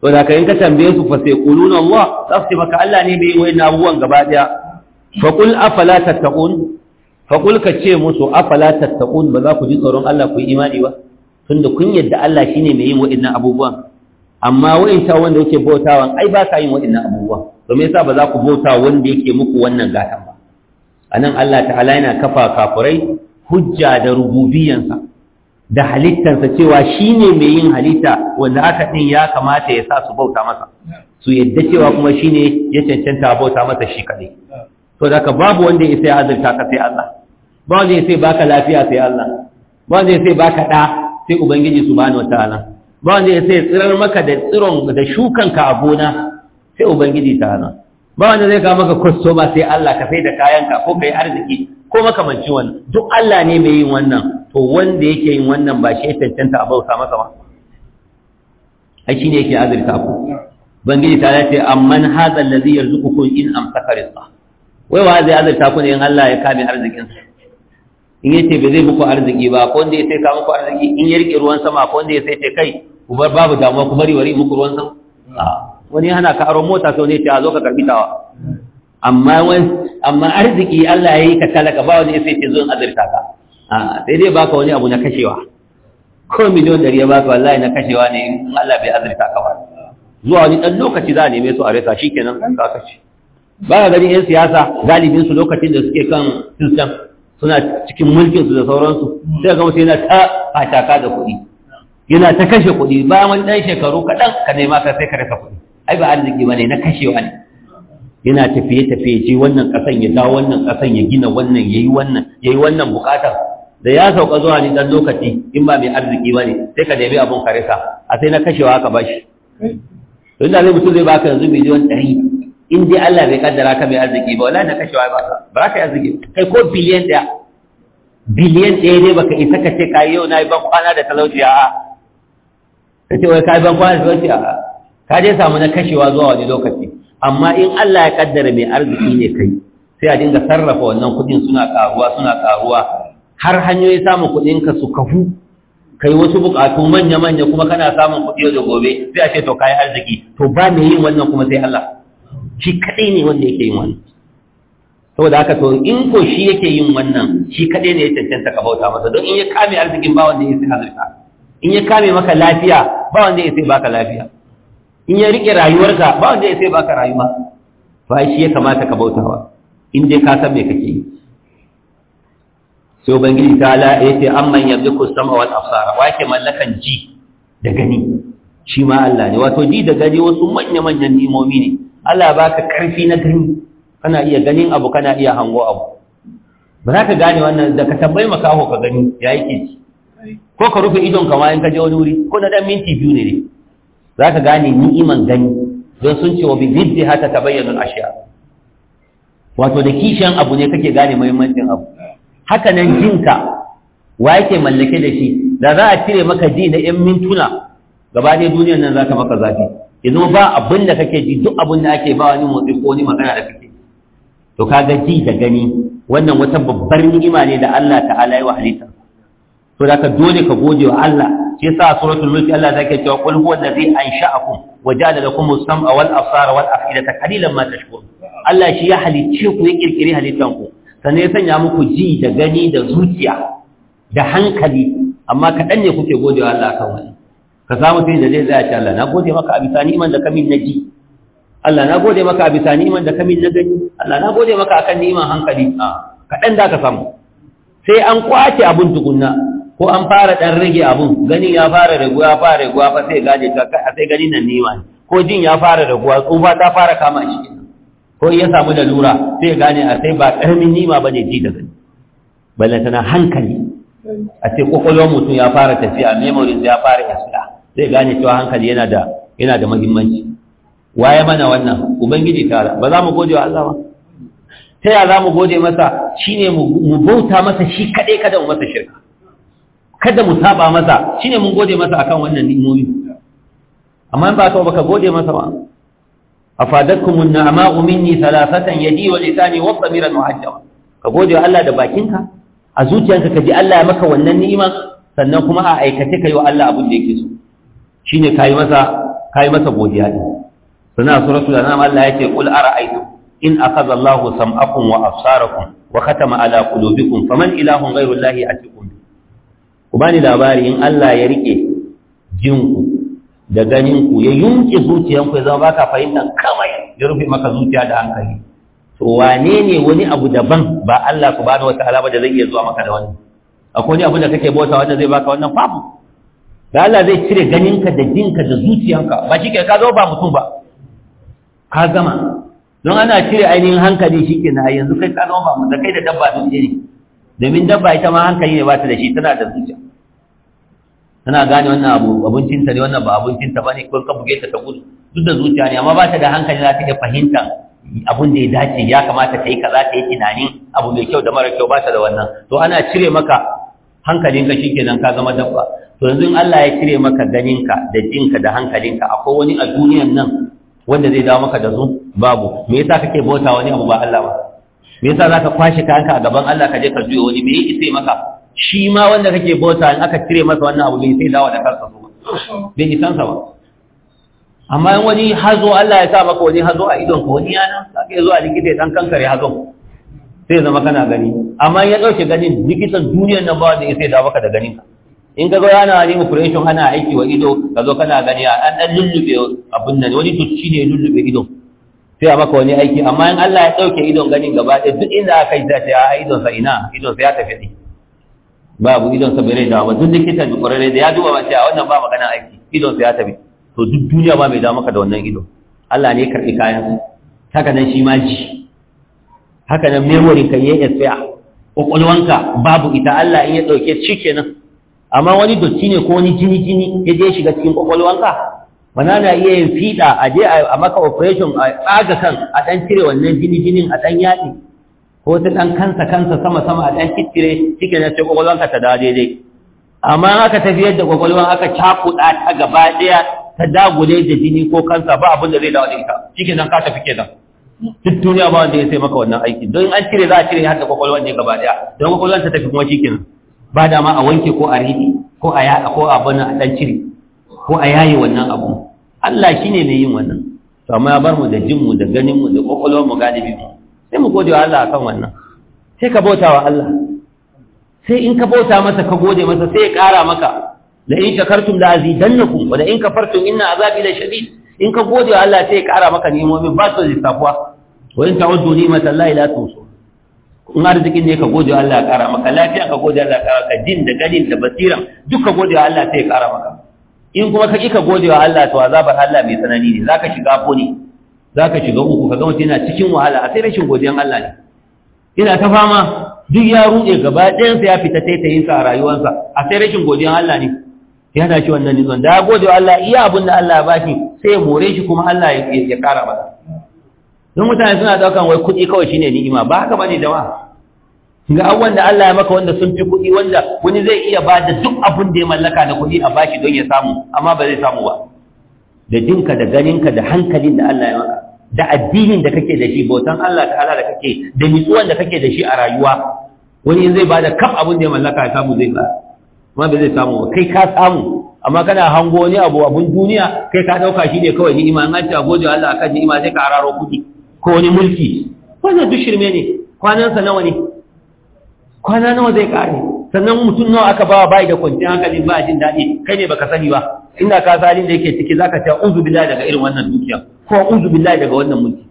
to da kai in ka tambaye su fa sai quluna Allah za maka Allah ne bai yi abubuwan gaba daya fa qul afala tattaqun fa qul ka ce musu afala tattaqun ba za ku ji tsoron Allah ku yi imani ba tunda kun yadda Allah shine mai yin wa'annan abubuwan amma ta wanda yake bautawan ai ba ka yin wa'annan abubuwan to me yasa ba za ku bauta wanda yake muku wannan gatan ba A nan Allah ta'ala yana kafa kafurai hujja da rububiyansa da halittansa cewa shi ne mai yin halitta wanda aka ɗin ya kamata ya sa su bauta masa su yadda cewa kuma shi ne ya cancanta bauta masa shi kadai to daga babu wanda ya sai azurta ka sai Allah ba wanda ya sai baka lafiya sai Allah ba wanda ya sai baka ɗa sai ubangiji su subhanahu wataala ba wanda ya sai tsirar maka da tsiron da shukanka a gona sai ubangiji ta'ala ba wanda zai kawo maka kwasto ba sai Allah ka sai da kayanka ko kai arziki ko makamancin wannan duk Allah ne mai yin wannan to wanda yake yin wannan ba shi ya cancanta a bauta masa ba ai shine yake azurta ku bangiji ta ce amman hadha allazi yarzuqukum in amsaka rizqa wai wa zai azurta ku ne in Allah ya kame arzikin sa in yace ba zai muku arziki ba ko wanda ya sai ka muku arziki in ya rike ruwan sama ko wanda ya sai ce kai ku bar babu damuwa ku bari wari muku ruwan sama wani hana ka aron mota sau ne ta a zo ka karbi tawa amma amma arziki Allah ya yi ka talaka ba wani isai ce zo in azurta ka sai dai baka wani abu na kashewa ko miliyon dari ya baka wallahi na kashewa ne in Allah bai azurta ka ba zuwa wani dan lokaci za a neme su a resa, shi kenan kan ka kace ba ga gani yan siyasa galibin su lokacin da suke kan system suna cikin mulkin su da sauransu sai ga wasu yana ta fataka da kuɗi yana ta kashe kuɗi bayan wani ɗan shekaru kaɗan ka nema ka sai ka rasa kuɗi ai ba arziki bane na kashewa ne yana tafiye tafiye ce wannan kasan ya dawo wannan kasan ya gina wannan yayi wannan yayi wannan bukata da ya sauka zuwa ni dan lokaci in ba mai arziki bane sai ka nemi abun karisa a sai na kashewa ka bashi to inda zai mutum zai baka yanzu miliyan ɗari in dai Allah bai kaddara ka mai arziki ba wala na kashewa ba ba ka yi arziki kai ko biliyan ɗaya biliyan ɗaya ne baka isa ka ce ka yi yau na yi ban kwana da talauci a ka ce wai kai yi ban kwana da talauci a ka je samu na kashewa zuwa wani lokaci amma in Allah ya kaddara mai arziki ne kai sai a dinga sarrafa wannan kudin suna karuwa suna karuwa har hanyoyi samun kudin ka su kafu kai wasu bukatu manya manya kuma kana samun kudi da gobe sai a ce to kai arziki to ba mai yin wannan kuma sai Allah shi kadai ne wanda yake yin wannan saboda haka to in ko shi yake yin wannan shi kadai ne ya cancanta ka bauta masa don in ya kame arzikin ba wanda ya sai azurta in ya kame maka lafiya ba wanda ya sai baka lafiya in ya rike rayuwarka ba wanda ya sai baka rayuwa fa shi ya kamata ka bautawa in dai ka san me kake yi sai ubangiji ta ala ya ce amman yamliku sama absara wa ke mallakan ji da gani shi ma Allah ne wato ji da gani wasu manya manyan nimomi ne Allah baka karfi na gani kana iya ganin abu kana iya hango abu ba za ka gane wannan da ka tambayi makaho ka gani ya yake ji ko ka rufe idon ka in ka je wani wuri ko na dan minti biyu ne za ka gane ni'iman gani don sun ce wa bi ziddi hata ta bayyana ashiya wato da kishiyan abu ne kake gane muhimmancin abu haka nan jinka wa yake mallake da shi da za a cire maka ji na yan mintuna gaba ɗaya duniyar nan za ka maka zafi yanzu ba abin da kake ji duk abin da ake ba wani motsi ko wani magana da kake to ka ga ji da gani wannan wata babbar ni'ima ne da Allah ta'ala ya wa halitta to da ka dole ka gode wa Allah shi yasa suratul mulk Allah zake cewa qul huwa allazi ansha'akum wa ja'ala lakum as-sam'a wal absara wal af'idata qalilan ma tashkurun Allah shi ya halicce ku ya kirkire halittan ku sannan ya sanya muku ji da gani da zuciya da hankali amma kaɗan ne kuke godewa Allah kan wani ka samu sai da zai tsaya ce Allah na gode maka a bisa ni'iman da kamin na ji Allah na gode maka a bisa ni'iman da kamin na gani Allah na gode maka akan ni'iman hankali a ah, kaɗan da ka samu sai an kwace abun tukunna ko an fara ɗan rage abun gani ya fara raguwa ya fara raguwa fa sai gaje ka sai gani nan ne wani ko jin ya fara raguwa tsufa ta fara kama shi ko ya samu da lura sai gane a sai ba ƙaramin nima bane ji da gani balle tana hankali a sai kokolon mutum ya fara tafiya memories ya fara yasuda sai gane cewa hankali yana da yana da muhimmanci waye mana wannan ubangiji ta ba za mu gode wa Allah ba ta ya za mu gode masa shine mu bauta masa shi kade, kada mu masa shirka kada mu saba masa shine mun gode masa akan wannan ni'imomi amma in ba ka baka gode masa ba afadatkum an-ni'ma'u minni thalathatan yadi wa lisani wa dhamira mu'ajjaba ka gode Allah da bakinka a zuciyanka ka ji Allah ya maka wannan ni'ima sannan kuma a aikace kai wa Allah abin da yake so shine kai masa kai masa godiya din sannan suratul anam Allah yake qul ara'aytum in akhadha Allahu sam'akum wa absarakum wa khatama ala qulubikum faman ilahun ghayru Allahi atikum ku bani labari in Allah ya rike jinku da ganinku ya yunke zuciyanku ya zama baka fahimtar kamar ya rufe maka zuciya da hankali to wane ne wani abu daban ba Allah ku bani wata alama da zai iya zuwa maka da wani akwai wani abu da kake bauta wanda zai baka wannan fafu da Allah zai cire ganinka da jinka da zuciyanka ba shi ke ka zo ba mutum ba ka gama don ana cire ainihin hankali shi ke na yanzu kai ka zo ba mu da kai da dabba duk ne domin dabba ita ma hankali ne ba ta da shi tana da zuciya tana gane wannan abu abincinta ne wannan ba abincinta ba ne ko ka buge ta ta gudu duk da zuciya ne amma ba ta da hankali za ta iya fahimta abun da ya dace ya kamata ta yi kaza ta yi tunanin abu mai kyau da mara kyau ba ta da wannan to ana cire maka hankalinka nan ka zama dabba to yanzu Allah ya cire maka ganinka da jinka da hankalinka akwai wani a duniyan nan wanda zai dawo maka da zu babu me yasa kake bauta wani abu ba Allah ba me yasa zaka kwashe kayanka a gaban Allah ka je ka juyo wani me yake maka shi ma wanda kake bauta in aka cire masa wannan abu bai sai dawo da kansa ba bai yi sa ba amma in wani hazo Allah ya sa maka wani hazo a idon ka wani yana zaka zo a likita ya dan kankare hazo sai zama kana gani amma ya dauke ganin likitan duniyar nan ba wanda ya sai dawo ka da ganin ka in ka zo yana yin operation ana aiki wa ido ka zo kana gani a dan lullube abin nan wani tucci ne lullube ido sai a maka wani aiki amma in Allah ya ɗauke idon ganin gaba ɗaya duk inda aka yi ce a idonsa ina sa ya tafi ne babu idonsa bai rai dawa duk likitan da ƙwararre da ya duba ba cewa wannan ba magana aiki idonsa ya tafi to duk duniya ba mai dawo maka da wannan ido Allah ne ya karɓi kayan haka nan shi ma ji haka nan memory ka yi expire ƙwaƙwalwanka babu ita Allah in ya ɗauke shi kenan amma wani dotti ne ko wani jini jini ya je shiga cikin ƙwaƙwalwanka bana na iya yin fiɗa a je a maka operation a tsaga kan a ɗan cire wannan jini jinin a ɗan yaɗi ko ta ɗan kansa kansa sama sama a ɗan ciccire cikin na ƙwaƙwalwan ka ta dawo daidai amma aka tafi yadda ƙwaƙwalwan aka cakuɗa ta gaba ɗaya ta dagule da jini ko kansa ba abin da zai dawo da ita cikin nan ka tafi kenan duk duniya ba wanda ya sai maka wannan aiki don an cire za a cire har da ƙwaƙwalwan ne gaba ɗaya don ƙwaƙwalwan ta tafi kuma cikin ba dama a wanke ko a riɗi ko a yaɗa ko a bana a ɗan cire ko a yayi wannan abu Allah shi ne mai yin wannan to amma ya bar mu da jinmu da ganinmu da mu ƙwaƙwalwarmu bibi. sai mu gode wa Allah akan wannan sai ka bauta wa Allah sai in ka bauta masa ka gode masa sai ya ƙara maka la in shakartum la azidannakum wa la in kafartum inna azabi la shadid in ka gode wa Allah sai ya ƙara maka ni'imomin ba su safuwa wa in ta'uddu ni'matallahi la tusu in arzikin ne ka gode wa Allah ya ƙara maka lafiya ka gode wa Allah ya ƙara maka jin da ganin da basira duk ka gode wa Allah sai ya ƙara maka in kuma ka kika gode wa Allah to azabar Allah mai tsanani ne zaka shiga za zaka shiga uku kaga mutum yana cikin wahala a sai rashin godiyan Allah ne ina ta fama duk ya ruɗe gaba ɗayansa ya fita taitayin sa a rayuwarsa a sai rashin godiyan Allah ne ya dace wannan nizon da ya gode wa Allah iya abin da Allah ya bashi sai ya more shi kuma Allah ya kara masa don mutane suna daukan wai kuɗi kawai shine ni'ima ba haka bane jama'a ga abubuwan da Allah ya maka wanda sun fi kuɗi wanda wani zai iya ba da duk abin da ya mallaka da kuɗi a bashi don ya samu amma ba zai samu ba da jinka da ganinka da hankalin da Allah ya maka da addinin da kake da shi bautan Allah ta'ala da kake da nutsuwan da kake da shi a rayuwa wani zai ba da kaf abin da ya mallaka ya samu zai ba amma ba zai samu ba kai ka samu amma kana hango wani abu abun duniya kai ka ɗauka shi ne kawai ni'ima in an ci agojo Allah akan ni'ima sai ka hararo kuɗi ko wani mulki wannan duk shirme ne kwanansa nawa ne kwana nawa zai kare sannan mutum nawa aka bawa bai da kwanciyar hankali ba jin daɗi kai ne baka sani ba Ina ka zalin da yake ciki zaka ta unzu billahi daga irin wannan dukiya ko unzu billahi daga wannan mulki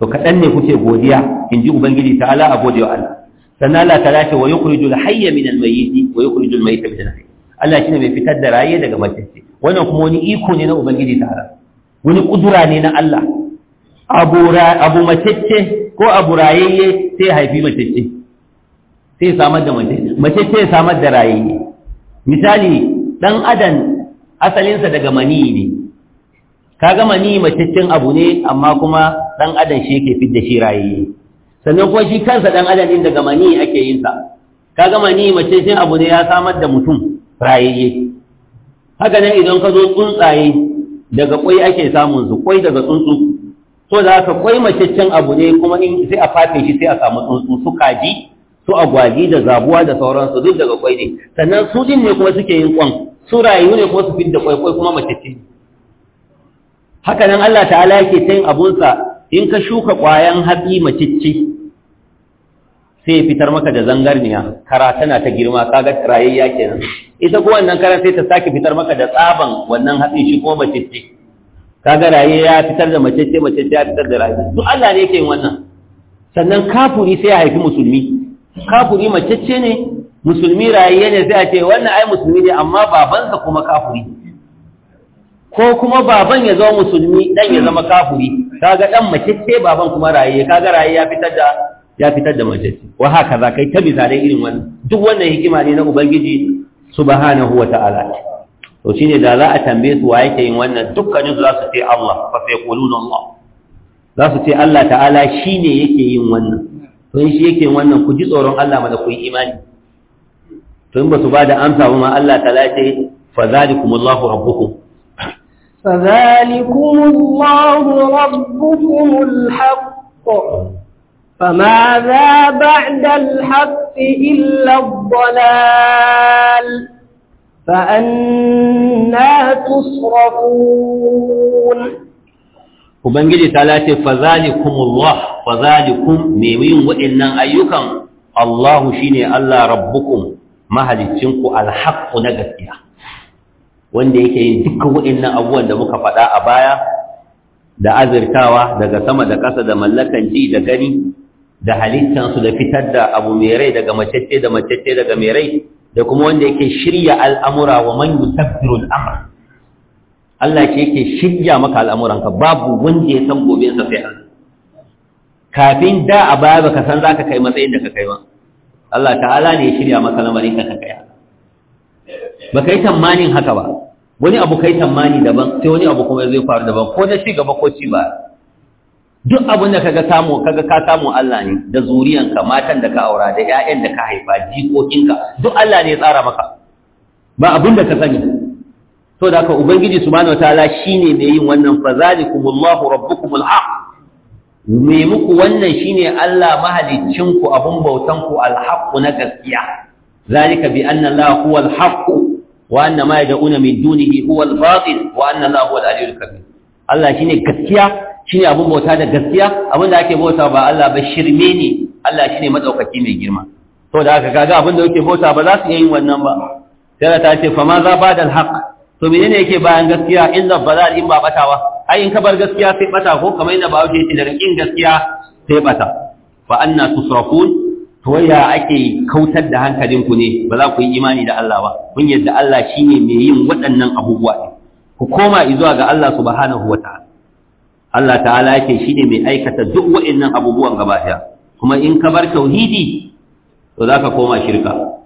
to kaɗan ne kuke godiya in ji ubangiji ta ala a gode wa Allah sannan Allah ta lace wa yukhrijul hayya min al-mayyit wa yukhrijul mayyita min al-hayy Allah shine mai fitar da raye daga matacce wannan kuma wani iko ne na ubangiji ta ala wani kudura ne na Allah abu matacce ko abu rayayye sai haifi mace ce. sai samar da mace mace sai samar da raye misali dan adam asalinsa daga mani ne kaga mani macaccen abu ne amma kuma dan adam shi yake fidda shi raye sannan kuma shi kansa dan adam din daga mani ake yin sa kaga mani cin abu ne ya samar da mutum raye haka nan idan ka zo tsuntsaye daga kwai ake samun su kwai daga tsuntsu so da haka kwai macaccen abu ne kuma in sai a fafe shi sai a samu tsuntsu su kaji su agwaji da zabuwa da sauransu duk daga kwai ne sannan su din ne kuma suke yin kwan su rayu ne kuma su fi da kwaikwai kuma mace ce haka nan Allah ta'ala yake ta yin abunsa in ka shuka kwayan hatsi macicci sai fitar maka da zangarniya kara tana ta girma kaga rayayya kenan ita ko wannan kara sai ta sake fitar maka da tsaban wannan hatsin shi ko macicci kaga rayayya fitar da macicci macicci ya fitar da rayayya to Allah ne yake yin wannan sannan kafuri sai ya haifi musulmi kafuri macece ne musulmi rayayye ne sai a ce wannan ai musulmi ne amma babansa kuma kafuri ko kuma baban ya zama musulmi dan ya zama kafuri kaga dan macece baban kuma rayayye kaga rayayye ya fitar da ya fitar da macece wa haka za kai ta misalai irin wannan duk wannan hikima ne na ubangiji subhanahu ta'ala. to shine da za a tambaye su wa yake yin wannan dukkanin su za su ce Allah fa sayquluna Allah za su ce Allah ta'ala shine yake yin wannan to shi yake wannan ku ji tsoron Allah ma da ku yi imani to in ba su ba da amsa ba ma Allah ta lace fa zalikumullahu rabbukum fa fa ma za ba'da فماذا بعد الحق إلا fa فأنا tusrafun ubangiji ta lace fazalikumullah fazalikum mai yin waɗannan ayyukan Allahu shine Allah rabbukum ku, alhaqqu na gaskiya wanda yake yin dukkan waɗannan abubuwan da muka faɗa a baya da azirtawa daga sama da ƙasa da mallakan ji da gani da halittansu da fitar da abu mai rai daga macece da macece daga mai rai da kuma wanda yake shirya al'amura wa man yusabbiru al'amr Allah ke yake shirya maka al'amuranka babu wanda ya san gobe sa sai kafin da a baya baka san za ka kai matsayin da ka kai ba Allah ta'ala ne ya shirya maka lamarin ka kai ka yi tammanin haka ba wani abu kai tammani daban sai wani abu kuma zai faru daban ko na ci gaba ko ci ba duk abin da kaga samu ka samu Allah ne da zuriyanka matan da ka aura da 'ya'yan da ka haifa jikokinka duk Allah ne ya tsara maka ba abin da ka sani so da haka ubangiji su subhanahu wataala shine mai yin wannan fazalikumullahu rabbukumul haq mai muku wannan shine Allah mahaliccin ku abun bautan ku alhaq na gaskiya zalika bi Annan Allah huwal haq wa anna ma yad'una min dunihi huwal batil wa anna Allah huwal aliyyul kabir Allah shine gaskiya shine abin bauta da gaskiya Abin da ake bauta ba Allah ba shirme ne Allah shine madaukaki mai girma to da haka kaga da yake bauta ba za su iya yin wannan ba sai ta ce fa ma za ba da alhaq to ne yake bayan gaskiya illa balal in ba batawa ai in ka bar gaskiya sai bata ko kamar inda ba wuce yake da kin gaskiya sai bata fa anna tusrafun to ya ake kautar da hankalin ku ne ba za ku yi imani da Allah ba kun yadda Allah shine mai yin waɗannan abubuwa ku koma zuwa ga Allah subhanahu wataala Allah ta'ala yake shine mai aikata duk waɗannan abubuwan gaba kuma in ka bar tauhidi to zaka koma shirka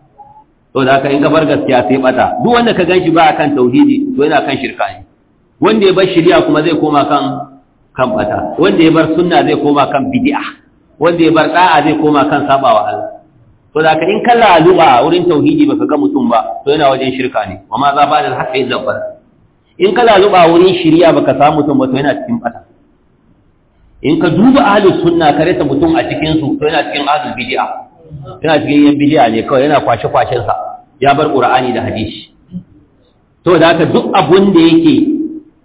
da haka in ka bar gaskiya sai bata duk wanda ka ganshi ba kan tauhidi to yana kan shirka ne wanda ya bar shari'a kuma zai koma kan kan bata wanda ya bar sunna zai koma kan bid'a wanda ya bar da'a zai koma kan sabawa Allah da haka in kalla lu'a wurin tauhidi baka ga mutum ba to yana wajen shirka ne wa ma za ba da haqqi zabbar in kalla lu'a wurin shari'a baka samu mutum ba to yana cikin bata in ka duba ahlus sunna ka rasa mutum a cikin su to yana cikin ahlul bid'a yana cikin yan bidiya ne kawai yana kwashe kwashensa ya bar ƙura'ani da hadishi. to da haka duk abun da yake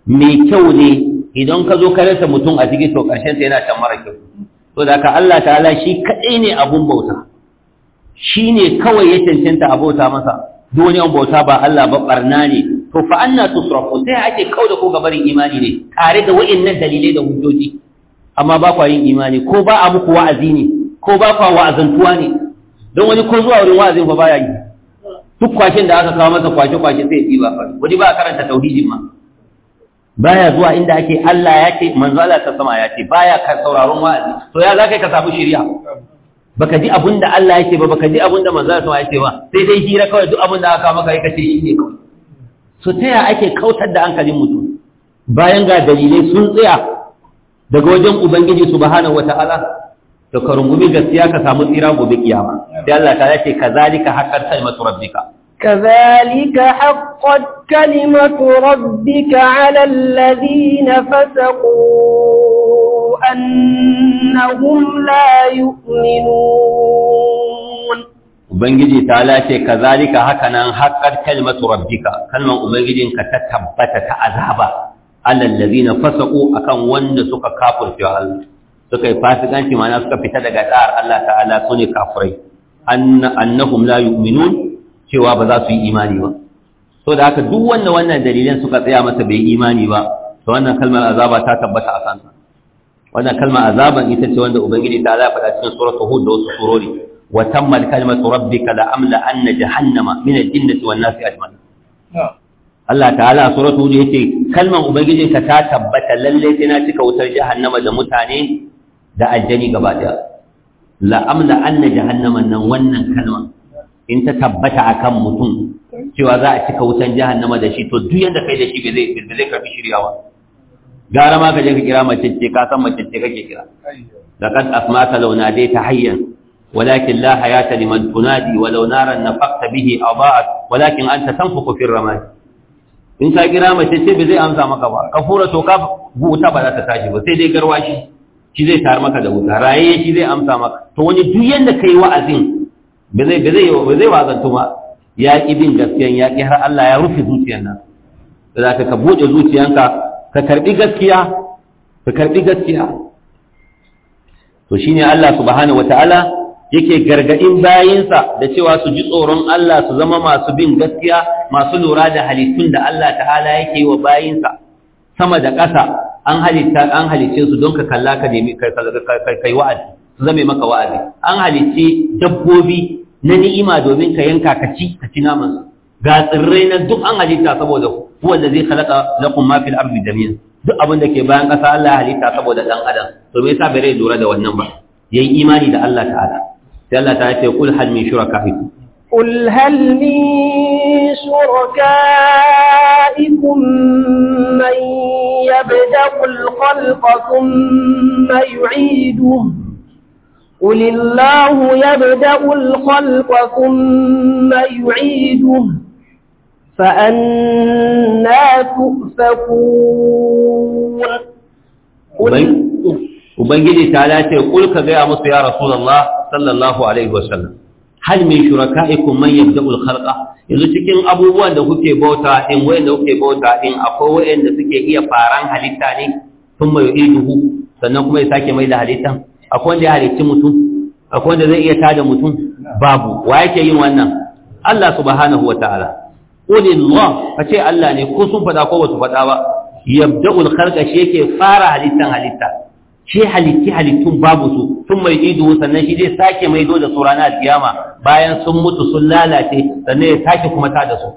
mai kyau ne idan ka zo ka rasa mutum a cikin to karshen sa yana can mara kyau to da haka Allah ta'ala shi kaɗai ne abun bauta shi ne kawai ya cancanta a bauta masa duniyan bauta ba Allah ba ɓarna ne to fa anna tusrafu sai ake kauda ko gabarin imani ne tare da wa'annan dalilai da hujjoji amma ba kwa imani ko ba a muku wa'azi ne ko ba kwa wa'azantuwa ne don wani ko zuwa wurin wa'azin fa baya yi duk kwashin da aka kawo masa kwashe kwashe sai yi ba fari wani ba karanta tauhidin ma baya zuwa inda ake Allah ya ce manzo Allah ta sama ya ce baya ka sauraron wa'azi to ya zaka ka samu shari'a baka ji abin da Allah ya ce ba baka ji abin da manzo Allah ya ce ba sai dai hira kawai duk abin da aka maka kai kace shi ne kawai so ta ya ake kautar da hankalin mutum bayan ga dalilai sun tsaya daga wajen ubangiji subhanahu wataala to ka rungumi gaskiya ka samu tsira gobe kiyama sai Allah ta yace kazalika haqqat kalimatu rabbika kazalika haqqat kalimatu rabbika ala alladhina fasaqu annahum la yu'minun ubangiji ta lace kazalika hakanan haqqat kalimatu rabbika kalman ubangijin ka ta tabbata ta azaba ala alladhina fasaqu akan wanda suka kafirce Allah suka yi fasikanci mana suka fita daga da'ar Allah ta'ala su ne kafirai annahum la yu'minun cewa ba za su yi imani ba so da haka duk wanda wannan dalilan suka tsaya masa bai imani ba to wannan kalmar azaba ta tabbata a kansa wannan kalmar azaban ita ce wanda ubangiji ta Allah faɗa cikin suratul hud da wasu surori wa tammal kalimatu rabbika la amla anna jahannama min al-jinnati wan nasi ajma'in Allah ta'ala a suratul hud yace kalmar ka ta tabbata lalle sai na cika wutar jahannama da mutane da aljani gaba daya la'amla anna jahannama nan wannan kalma in ta tabbata akan mutum cewa za a cika wutan jahannama da shi to duk yanda kai da shi bai zai bai zai karbi shiryawa gara ma ka je ka kira mace ce ka san mace ce kake kira laqad asmata law ta hayyan walakin la hayata liman tunadi walau naran nafaqta bihi adaat walakin anta tanfuqu fi ramad in ka kira mace ce bai zai amsa maka ba ka fura to ka buta ba za ta tashi ba sai dai garwashi shi zai tayar maka da wuta raye shi zai amsa maka to wani duk yanda kai wa'azin ba zai ba zai ba zai wazantu ba ya ki bin gaskiyan ya ki har Allah ya rufe zuciyar nan da ka buɗe zuciyanka ka karbi gaskiya ka karbi gaskiya to shine Allah subhanahu wataala yake gargadin bayinsa da cewa su ji tsoron Allah su zama masu bin gaskiya masu lura da halittun da Allah ta'ala yake wa bayinsa sama da ƙasa an halitta an halice su don ka kalla ka nemi kai wa'azi su zame maka wa'azi an halice dabbobi na ni'ima domin ka yanka ka ci ka ci naman su ga tsirrai na duk an halitta saboda huwa da zai khalaqa lakum ma fil ardi jami'an duk abin da ke bayan ƙasa Allah ya halitta saboda dan adam to me yasa bai rai lura da wannan ba yayi imani da Allah ta'ala sai Allah ta ce kul hal min shurakaikum قل هل من شركائكم من يبدأ الخلق ثم يعيده قل الله يبدأ الخلق ثم يعيده فأنا تؤفكون قل وبنجلي تعالى قل كذا يا رسول الله صلى الله عليه وسلم hal min shuraka'ikum man yabda'ul khalqa yanzu cikin abubuwan da kuke bauta in wayanda kuke bauta in akwai wayanda suke iya faran halitta ne tun mai iduhu sannan kuma ya sake mai da halittan akwai wanda ya halicci mutum akwai wanda zai iya tada mutum babu wa yake yin wannan Allah subhanahu wa ta'ala qulillah ce Allah ne ko sun fada ko ba su fada ba yabda'ul khalqa shi yake fara halittan halitta shi halitti halittun babu su sun mai ido sannan shi zai sake mai zo da su a kiyama bayan sun mutu sun lalace sannan ya sake kuma ta da su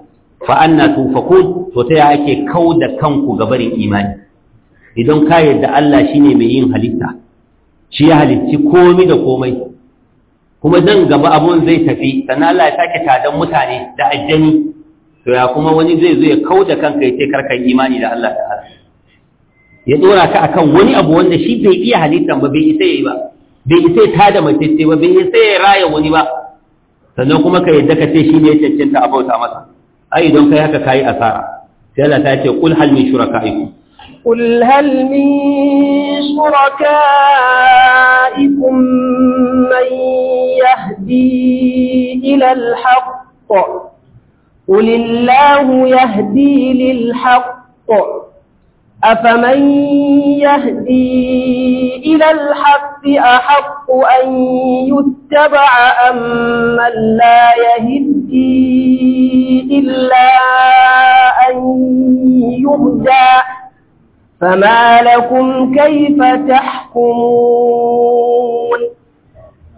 fa anna tufakun to ta yake kau da kanku ga barin imani idan ka yarda Allah shine mai yin halitta shi ya halitti komai da komai kuma dan gaba abun zai tafi sannan Allah ya sake tadan mutane da ajjani to ya kuma wani zai zo ya kau da kanka ya ce karkan imani da Allah ta'ala ya dora ka akan wani abu wanda shi bai iya halittan ba bai isa yi ba bai isa ta da mace ba bai isa ya raya wani ba sannan kuma ka yadda ka ce shi ne cancanta a bauta masa ai don kai haka yi asara sai Allah ta ce kul hal min shurakaikum قل هل من شركائكم من يهدي إلى الحق قل الله يهدي للحق أفمن يهدي إلى الحق أحق أن يتبع أم من لا يهدي إلا أن يهدى فما لكم كيف تحكمون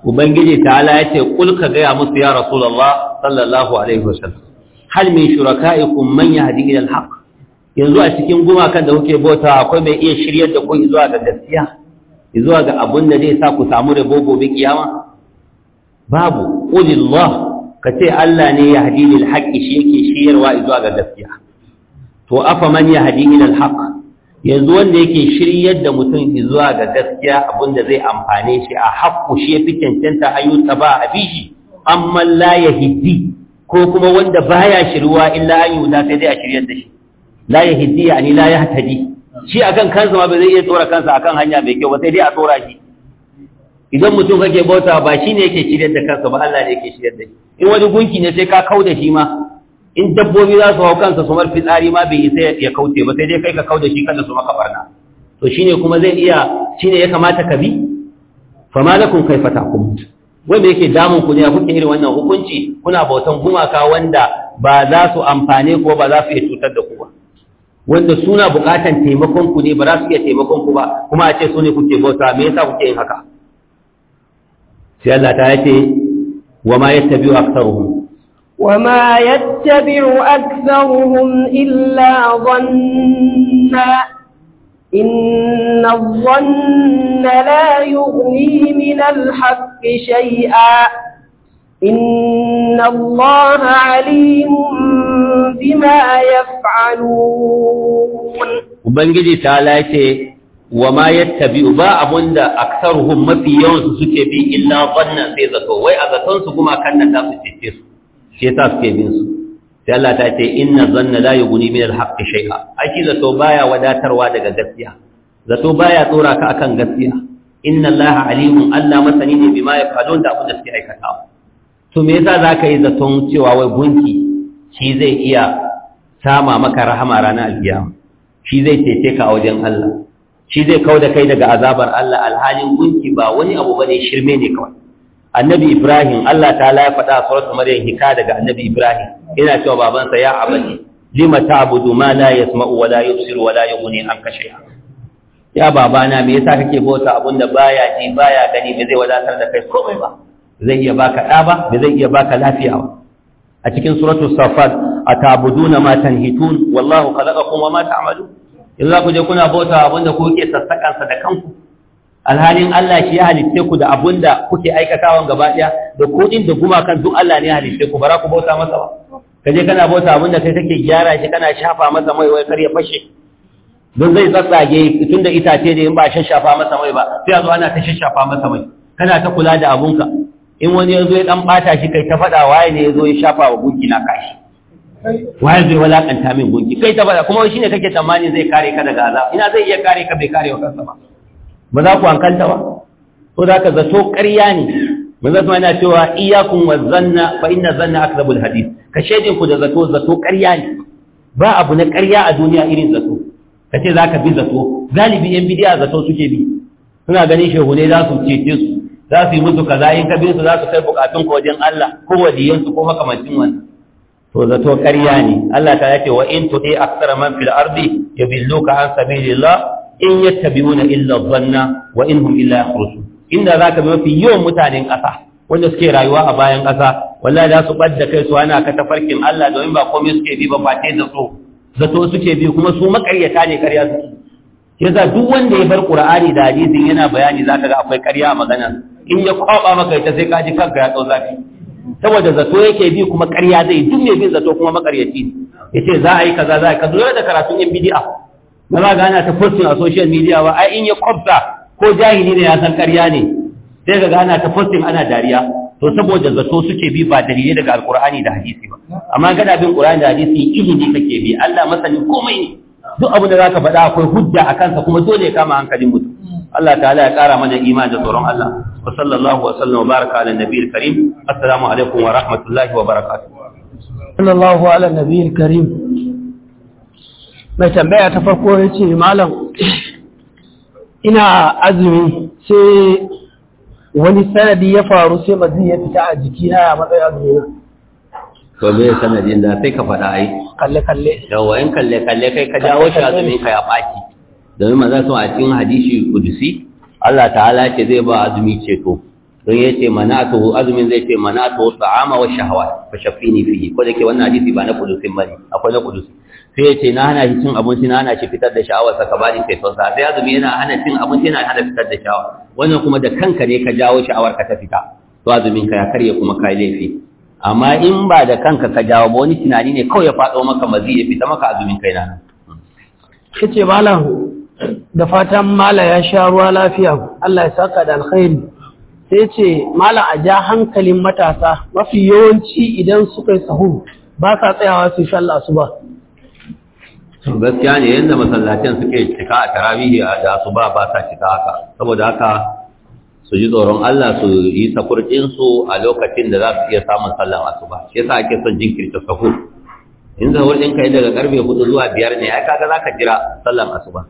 وبنجي تعالى يتي قل كغيا مس يا رسول الله صلى الله عليه وسلم هل من شركائكم من يهدي إلى الحق yanzu a cikin gumakan da kuke bauta akwai mai iya shiryar da ku zuwa ga gaskiya zuwa ga abun da zai sa ku samu rabo gobe kiyama babu qulillah ka ce Allah ne ya hadi lil haqqi shi yake shiryarwa zuwa ga gaskiya to afa man ya hadi ila al haqq yanzu wanda yake shiryar da mutum zuwa ga gaskiya abun zai amfane shi a haqqu shi yafi cancanta ayyuka ba a bishi amma la yahdi ko kuma wanda baya shiruwa illa ayyuka sai dai a shiryar da shi la ya ni la yahtadi shi akan kansa ma ba zai iya tsora kansa akan hanya mai kyau ba sai dai a tsora shi idan mutum kake bauta ba shi ne yake shiryar da kansa ba Allah ne yake shiryar da shi in wani gunki ne sai ka kau da shi ma in dabbobi za su hau kansa su marfi tsari ma bai sai ya kauce ba sai dai kai ka kau da shi kada su maka barna to shine kuma zai iya shine ya kamata ka bi fa malakum kaifa Wai wanda yake damun ku ne kuke irin wannan hukunci kuna bautan gumaka wanda ba za su amfane ko ba za su iya cutar da ku wanda suna bukatan taimakon ku ne ba za su iya taimakon ku ba kuma a ce su ne kuke bauta me yasa kuke yin haka sai Allah ta yace wa ma yattabi'u aktharuhum wa ma yattabi'u aktharuhum illa dhanna إن الظن لا يغني من الحق شيئا إن الله عليم بما يفعلون وبنجي تعالى wa ma yattabi'u ba abunda aktaruhum mafi yawan su suke bi illa dhanna sai zato wai a zaton su kuma kan nan su cece su shi yasa suke bin su sai Allah ta ce inna dhanna la yughni min al-haqq shay'a zato baya wadatarwa daga gaskiya zato baya tsora akan gaskiya inna Allah alimun Allah masani ne bima yafalun da abun da suke aikatawa to me yasa za ka yi zaton cewa wai gunki shi zai iya sama maka rahama ranar alkiyama shi zai tete ka a wajen Allah shi zai kau da kai daga azabar Allah alhalin gunki ba wani abu bane shirme ne kawai annabi Ibrahim Allah ta ya faɗa a suratul maryam hika daga annabi Ibrahim ina cewa babansa ya abadi lima ta'budu ma la yasma'u wa la yubsiru wa la yughni anka shay'a ya babana me yasa kake bauta abinda baya ji baya gani me zai wadatar da kai komai ba zai iya baka ɗa ba ba zai iya baka lafiya ba a cikin suratul safat na matan Hitun, wallahu khalaqakum kuma mata ta'malun In za ku je kuna bauta abinda ku ke sassakan sa da kanku alhalin Allah shi ya halitte ku da abinda kuke aikatawa gaba daya da kudin da gumakan duk Allah ne ya halitte ku ba za ku bauta masa ba Ka kaje kana bauta abinda kai kake gyara shi kana shafa masa mai wai kar ya fashe don zai tsatsage da itace da in ba shashafa masa mai ba sai a zo ana ta shashafa masa mai kana ta kula da abunka in wani ya zo ya dan bata shi kai ta faɗa waye ne ya zo ya shafa wa gunki na kashi waye zai walakanta min gunki kai ta faɗa kuma shi ne kake tsammani zai kare ka daga azaba ina zai iya kare ka bai kare wa kansa ba ba za ku hankalta ba ko za ka zato ƙarya ne manzo kuma yana cewa iyyakum wazanna fa inna zanna akzabul hadith ka shedin ku da zato zato ƙarya ne ba abu na ƙarya a duniya irin zato kace za ka bi zato galibi yan bidiya zato suke bi suna ganin shehu ne za su cece su za su yi musu kaza in ka su za su kai bukatun ka wajen Allah ko wadiyan ko makamancin wani. to zato karya ne Allah ta yake wa in tudi aktsara man fil ardi yabilluka an sabilillah in wani illa dhanna wa inhum illa yakhrusun inda zaka bi mafi yawan mutanen ƙasa wanda suke rayuwa a bayan ƙasa wallahi za su badda kai su ana ka tafarkin Allah domin ba komai suke bi ba fate da so zato suke bi kuma su makaryata ne karya suke yasa duk wanda ya bar Qur'ani da hadisin yana bayani zaka ga akwai ƙarya a maganar in ya kwaba maka ita sai ka ji kanka ya tsau zafi saboda zato yake bi kuma ƙarya zai duk mai bin zato kuma makaryaci ne ce za a yi kaza za a yi kaza da karatun yin bid'a ba za ana ta posting a social media ba ai in ya kwabta ko jahili ne ya san ƙarya ne sai ga ana ta posting ana dariya to saboda zato suke bi ba dalilai daga alkur'ani da hadisi ba amma gada bin ƙur'ani da hadisi ilimi kake bi Allah masani komai ne duk abu da zaka faɗa akwai hujja a sa kuma dole ya kama hankalin mu Allah Ta ya kara mana imani da tsoron Allah wa sallallahu wa sallam wa baraka ala nabiyil karim assalamu alaikum wa rahmatullahi wa barakatuh sallallahu ala nabiyil karim mai tambaya ta farko ya yace malam ina azumi sai wani sanadi ya faru sai mazi ya fita a jikina a matsayin azumina. To me sanadin da sai ka faɗa ai? Kalle kalle. Yawwa in kalle kalle kai ka jawo shi azumin ka ya baki. domin maza su a cikin hadisi kudusi Allah ta'ala ce zai ba azumi ceto don ya ce manatuhu azumin zai ce manatuhu ta'ama wa shahawat fa shafini fi ko da ke wannan hadisi ba na ba ne, akwai na kudusi sai ya ce na hana shi cin abinci na hana shi fitar da saka sa kabarin kai sa sai azumi yana hana cin abinci yana hana fitar da sha'awa wannan kuma da kanka ne ka jawo sha'awar ka ta fita to azumin ka ya karye kuma kai laifi amma in ba da kanka ka jawo ba wani tunani ne kawai ya faɗo maka mazi ya fita maka azumin kai na kace malam da fatan mala ya sha ruwa lafiya Allah ya saka da alkhairi sai ce mala a ja hankalin matasa mafi yawanci idan suka yi sahu ba sa tsayawa su sha Allah su ba gaskiya ne yanda masallacin suke cika a tarawihi a da su ba ba sa cika haka saboda haka su ji tsoron Allah su yi sakurcin su a lokacin da za su iya samun sallan asuba shi yasa ake son jinkirta sahu in zawo ɗinka yi daga karfe hudu zuwa biyar ne ai kaga za ka jira sallan asuba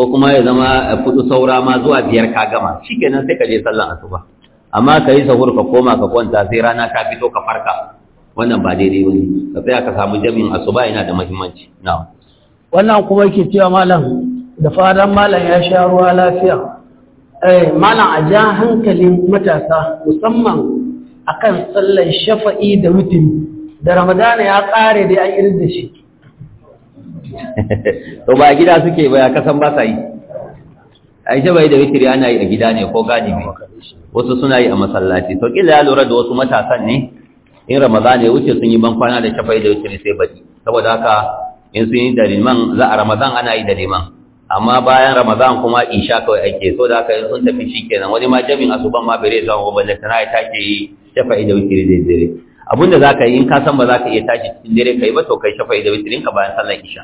ko kuma ya zama kudu saura ma zuwa biyar ka gama shi kenan sai ka je sallan asuba amma ka yi sahur ka koma ka kwanta sai rana ta fito ka farka wannan ba daidai bane ka tsaya ka samu jami'in asuba yana da muhimmanci na'am wannan kuma yake cewa malam da faran malam ya sha ruwa lafiya eh malam a ja hankalin matasa musamman akan sallan shafa'i da mutum da ramadana ya kare da an irin da shi to ba a gida suke ba kasan ba sa yi aisha bai da witiri ana yi a gida ne ko gani ne wasu suna yi a masallaci to kila ya lura da wasu matasan ne in ramadan ya wuce sun yi ban kwana da shafai da witiri sai baki saboda haka in sun yi da liman za a ramadan ana yi da liman amma bayan ramadan kuma isha kawai ake so da haka in sun tafi shi shikenan wani ma jami'in asuban ma bai zan gobe ba da tana ya take yi shafai da witiri da dare abin za ka yi in ka san ba za ka iya tashi cikin dare kai ba to kai shafa'i da witirin ka bayan sallar isha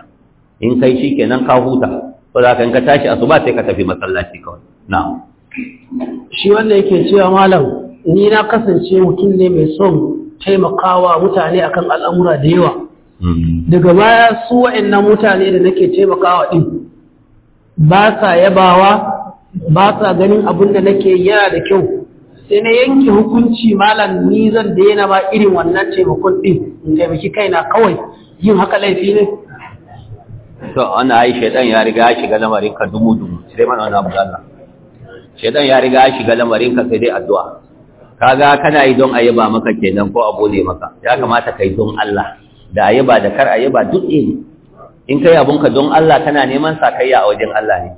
in kai shi kenan ka huta ko za in ka tashi asuba sai ka tafi masallaci kawai na'am shi wanda yake cewa malam ni na kasance mutum ne mai son taimakawa mutane akan al'amura da yawa mm-hmm. daga baya su wa'annan mutane da nake taimakawa din ba sa yabawa ba sa ganin abin da nake yana da kyau sai na yanke hukunci malam ni zan daina ba irin wannan taimakon ɗin in taimaki kaina kawai yin haka laifi ne to ana ai shaidan ya riga ya shiga lamarin ka dumu dumu sai mana wani abu Allah shaidan ya riga ya shiga lamarin ka sai dai addu'a kaga kana yi don ayyaba maka kenan ko abu ne maka ya kamata kai don Allah da ayyaba da kar ayyaba duk ne in kai ka don Allah kana neman sakayya a wajen Allah ne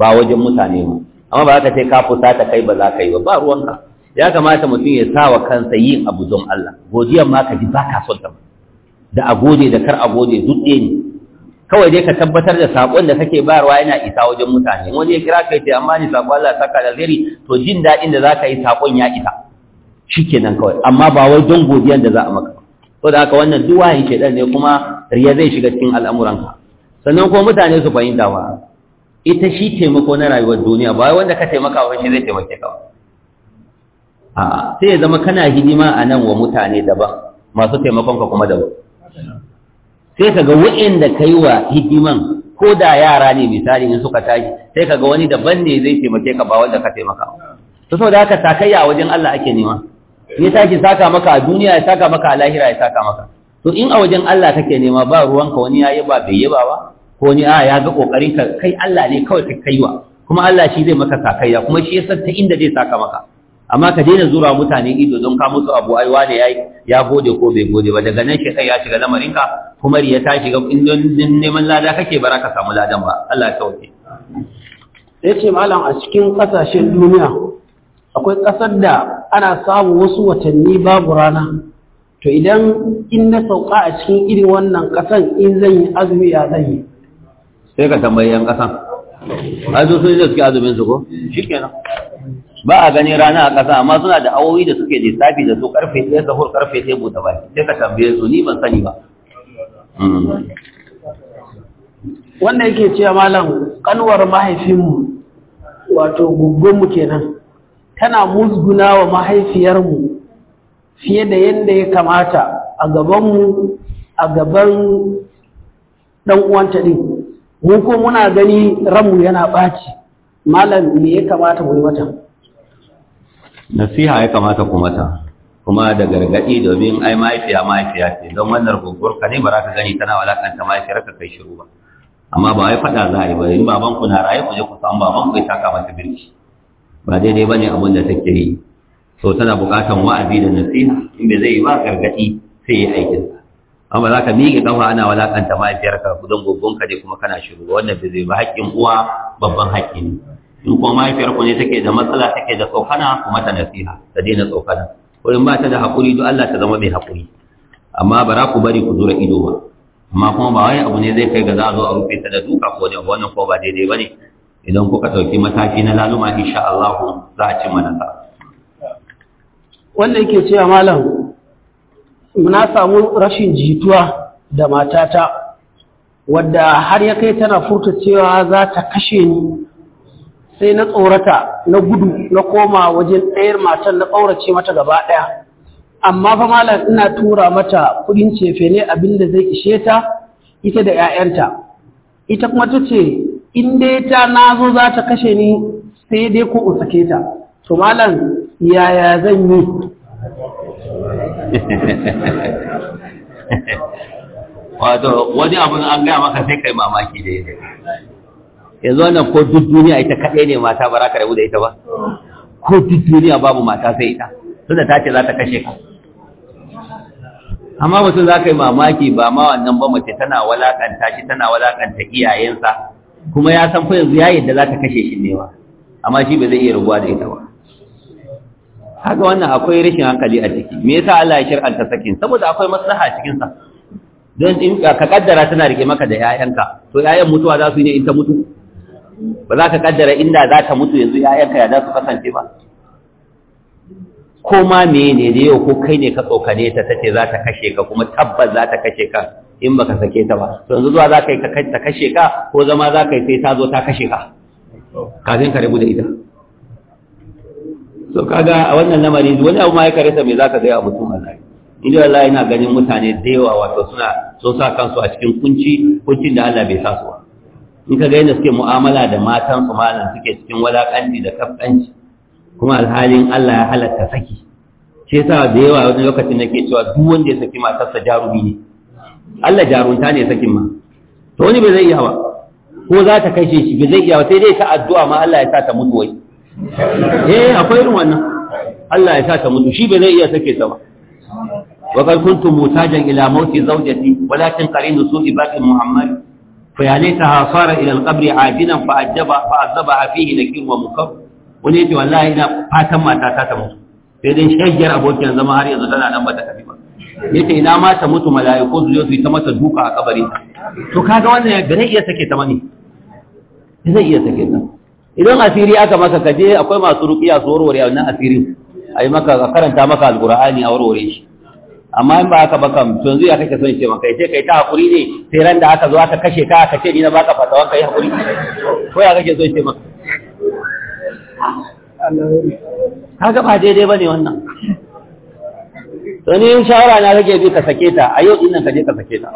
ba wajen mutane ne amma ba ka ce ka fusata kai ba za ka yi ba ba ruwanka ya kamata mutum ya sa wa kansa yin abu don Allah godiyar ma ka ji ba ka son ta da a da kar a gode duk ɗaya ne kawai dai ka tabbatar da sakon da kake bayarwa yana isa wajen mutane wani ya kira kai sai amma ni sakon Allah saka da zari to jin daɗin da za ka yi sakon ya isa shikenan kawai amma ba wai don godiyan da za a maka ko da haka wannan duwa yake dan ne kuma riya zai shiga cikin al'amuranka sannan kuma mutane su fahimta ba ita shi taimako na rayuwar duniya ba wanda ka taimaka wa shi zai taimake ka a sai ya zama kana hidima a nan wa mutane daban masu taimakon ka kuma daban sai ka ga wa'inda ka yi wa hidiman ko da yara ne misali in suka tashi sai ka ga wani daban ne zai taimake ka ba wanda ka taimaka to saboda haka sakayya a wajen Allah ake nema ya tashi saka maka a duniya ya saka maka a lahira ya saka maka to in a wajen Allah kake nema ba ruwanka wani yayi ba bai yaba ba ko ni a ya ga kokarin ka kai Allah ne kawai ka kaiwa kuma Allah shi zai maka sakayya kuma shi yasa ta inda zai saka maka amma ka daina zura mutane ido don ka musu abu ai wane yayi ya gode ko bai gode ba daga nan shekai ya shiga lamarin ka kuma riya ta shiga inda neman lada kake bara ka samu ladan ba Allah ya kauce yace malam a cikin kasashen duniya akwai kasar da ana samu wasu watanni babu rana to idan in na sauka a cikin irin wannan kasan in zan yi azumi ya zan yi sai ka tambayi yan ƙasan azu sun da suke azumin su ko shikenan ba a gani rana a ƙasa amma suna da awowi da suke lissafi da su karfe ɗaya sahur karfe ɗaya buɗe baki sai ka tambaye su ni ban sani ba mm. wanda yake cewa malam kanwar mahaifinmu wato mu kenan tana musguna wa mahaifiyarmu fiye da yadda ya kamata a gabanmu a gaban ɗan uwanta ɗin mu ko muna gani ranmu yana ɓaci malam me ya kamata mu yi mata nasiha ya kamata ku mata kuma da gargaɗi domin ai mahaifiya mahaifiya ce don wannan guguwar ka ne ba za ka gani tana walakanta mahaifiyar ka kai shiru ba amma ba wai faɗa za a yi ba in baban na raye ku je ku samu baban ku ya taka mata birki ba daidai ba ne abin da take yi so tana buƙatar wa'azi da nasiha in bai zai yi ba gargaɗi sai ya aikin amma za ka miƙe kafa ana walaƙanta mahaifiyarka gudan ka ne kuma kana shiru wannan bai zai ba haƙƙin uwa babban haƙƙi ne in kuma mahaifiyarku ne take da matsala take da tsokana kuma ta nasiha ta daina tsokana ko in ba ta da haƙuri don Allah ta zama mai haƙuri amma ba za ku bari ku zura ido ba amma kuma ba wai abu ne zai kai ga za a zo a rufe ta da duka ko ne wannan ko ba daidai ba ne idan kuka ɗauki mataki na laluma insha Allah za a cimma nasara. Wanda yake cewa malam Muna samu rashin jituwa da matata wadda har ya kai tana furta cewa za ta kashe ni sai na tsorata na gudu na koma wajen ɗayar matan na ƙaurace mata gaba ɗaya amma fa malam ina tura mata kuɗin cefe ne abin da zai ishe ta ita da 'ya'yanta ita kuma ta ce in dai ta nazo za ta kashe ni sai dai ko in sake ta to malam yaya zan yi wato wani abu an gaya maka sai kai mamaki da yake yanzu wannan ko duk duniya ita kaɗai ne mata ba za ka rabu da ita ba ko duk duniya babu mata sai ita tunda ta ce za ta kashe ka amma mutum za ka yi mamaki ba ma wannan ba mace tana walakanta shi tana walakanta iyayensa kuma ya san fa yanzu ya yadda za ta kashe shi ne ba amma shi ba zai iya rubuwa da ita ba haka wannan akwai rashin hankali a ciki me yasa Allah ya shir'anta sakin saboda akwai maslaha cikin sa don in ka kaddara tana rike maka da 'ya'yanka, to ƴaƴan mutuwa za su yi ne in ta mutu ba za ka kaddara inda za ta mutu yanzu ƴaƴanka ya za su kasance ba ko ma me ne da yau ko kai ne ka tsokane ta tace za ta kashe ka kuma tabbas za ta kashe ka in baka sake ta ba to yanzu zuwa za ka yi ta kashe ka ko zama za ka yi sai ta zo ta kashe ka kafin ka rabu da ita to kaga a wannan lamari wani abu ma ya karesa me zaka gaya mutum in dai wallahi ina ganin mutane da yawa wato suna so sa kansu a cikin kunci kuncin da Allah bai sa su ba in ka ga yadda suke mu'amala da matan su malam suke cikin walakanci da kafkanci kuma alhalin Allah ya halatta saki shi yasa da yawa wani lokacin nake cewa duk wanda ya saki matarsa jarumi ne Allah jarunta ne sakin ma to wani bai zai iya ba ko za ta kai shi bai zai iya ba sai dai ta addu'a ma Allah ya sa ta mutu wai eh akwai irin wannan Allah ya sa ta mutu shi bai zai iya sake ta ba wa kal kuntu mutajan ila mauti zawjati walakin qarinu su'i baqi muhammad fa ya ha sara ila al-qabri ajidan fa ajaba fa azaba fihi nakir wa mukab wani yace wallahi ina fatan mata ta ta mutu sai dai shegiyar abokin zama har yanzu tana nan ba ta tafi ba yace ina ma ta mutu mala'iku su zo su yi ta mata duka a kabari to kaga wannan ya zai iya sake ta mani zai iya sake ta idan asiri aka maka kaje akwai masu ruqiya su warware wannan asirin ai maka ka karanta maka alqur'ani a warware shi amma in ba aka baka to yanzu ya kake son ce maka yace kai ta hakuri ne sai ran da aka zo aka kashe ka aka ce ni na baka fatawa kai hakuri ko ya kake son ce maka kaga ba daidai bane wannan to ni shawara na rage bi ka sake ta a yau din nan ka je ka sake ta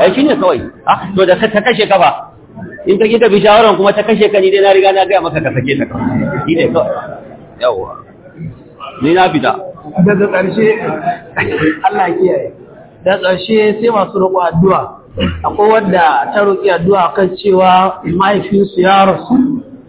ai shine kawai ah, to da ka kashe ka ba in ka kita bi kuma ta kashe ka ni dai na riga na gaya maka ka sake ta kawai shi ne kawai yawa ni na fita daga ƙarshe Allah kiyaye da ƙarshe sai masu roƙo addu'a akwai wadda ta roƙi addu'a kan cewa mahaifinsu ya rasu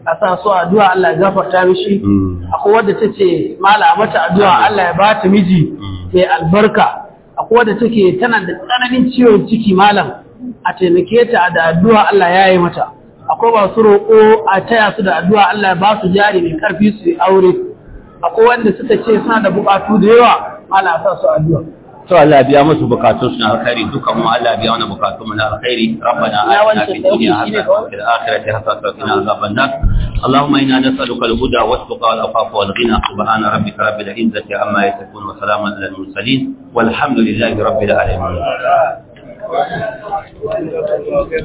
a sa su addu'a Allah ya gafarta mishi hmm. akwai wadda ta ce mala mata addu'a Allah ya ba ta miji hmm. mai albarka akwai wadda take tana da tsananin ciwon ciki malam a taimake ta da addu'a Allah ya yi mata akwai su roƙo a taya su da addu'a Allah ba su jari mai karfi su yi aure akwai wanda suka ce suna da buƙatu da yawa Allah sa su addu'a to Allah biya musu bukatun su na alkhairi duka mu Allah biya wani bukatun mu na alkhairi rabbana atina fid dunya hasanatan wa fil akhirati hasanatan wa qina azaban nar allahumma inna nas'aluka al-huda wa at-tuqa wal afafa wal ghina subhana rabbika rabbil izzati amma yasifun wa salamun alal mursalin walhamdulillahi rabbil alamin Gracias.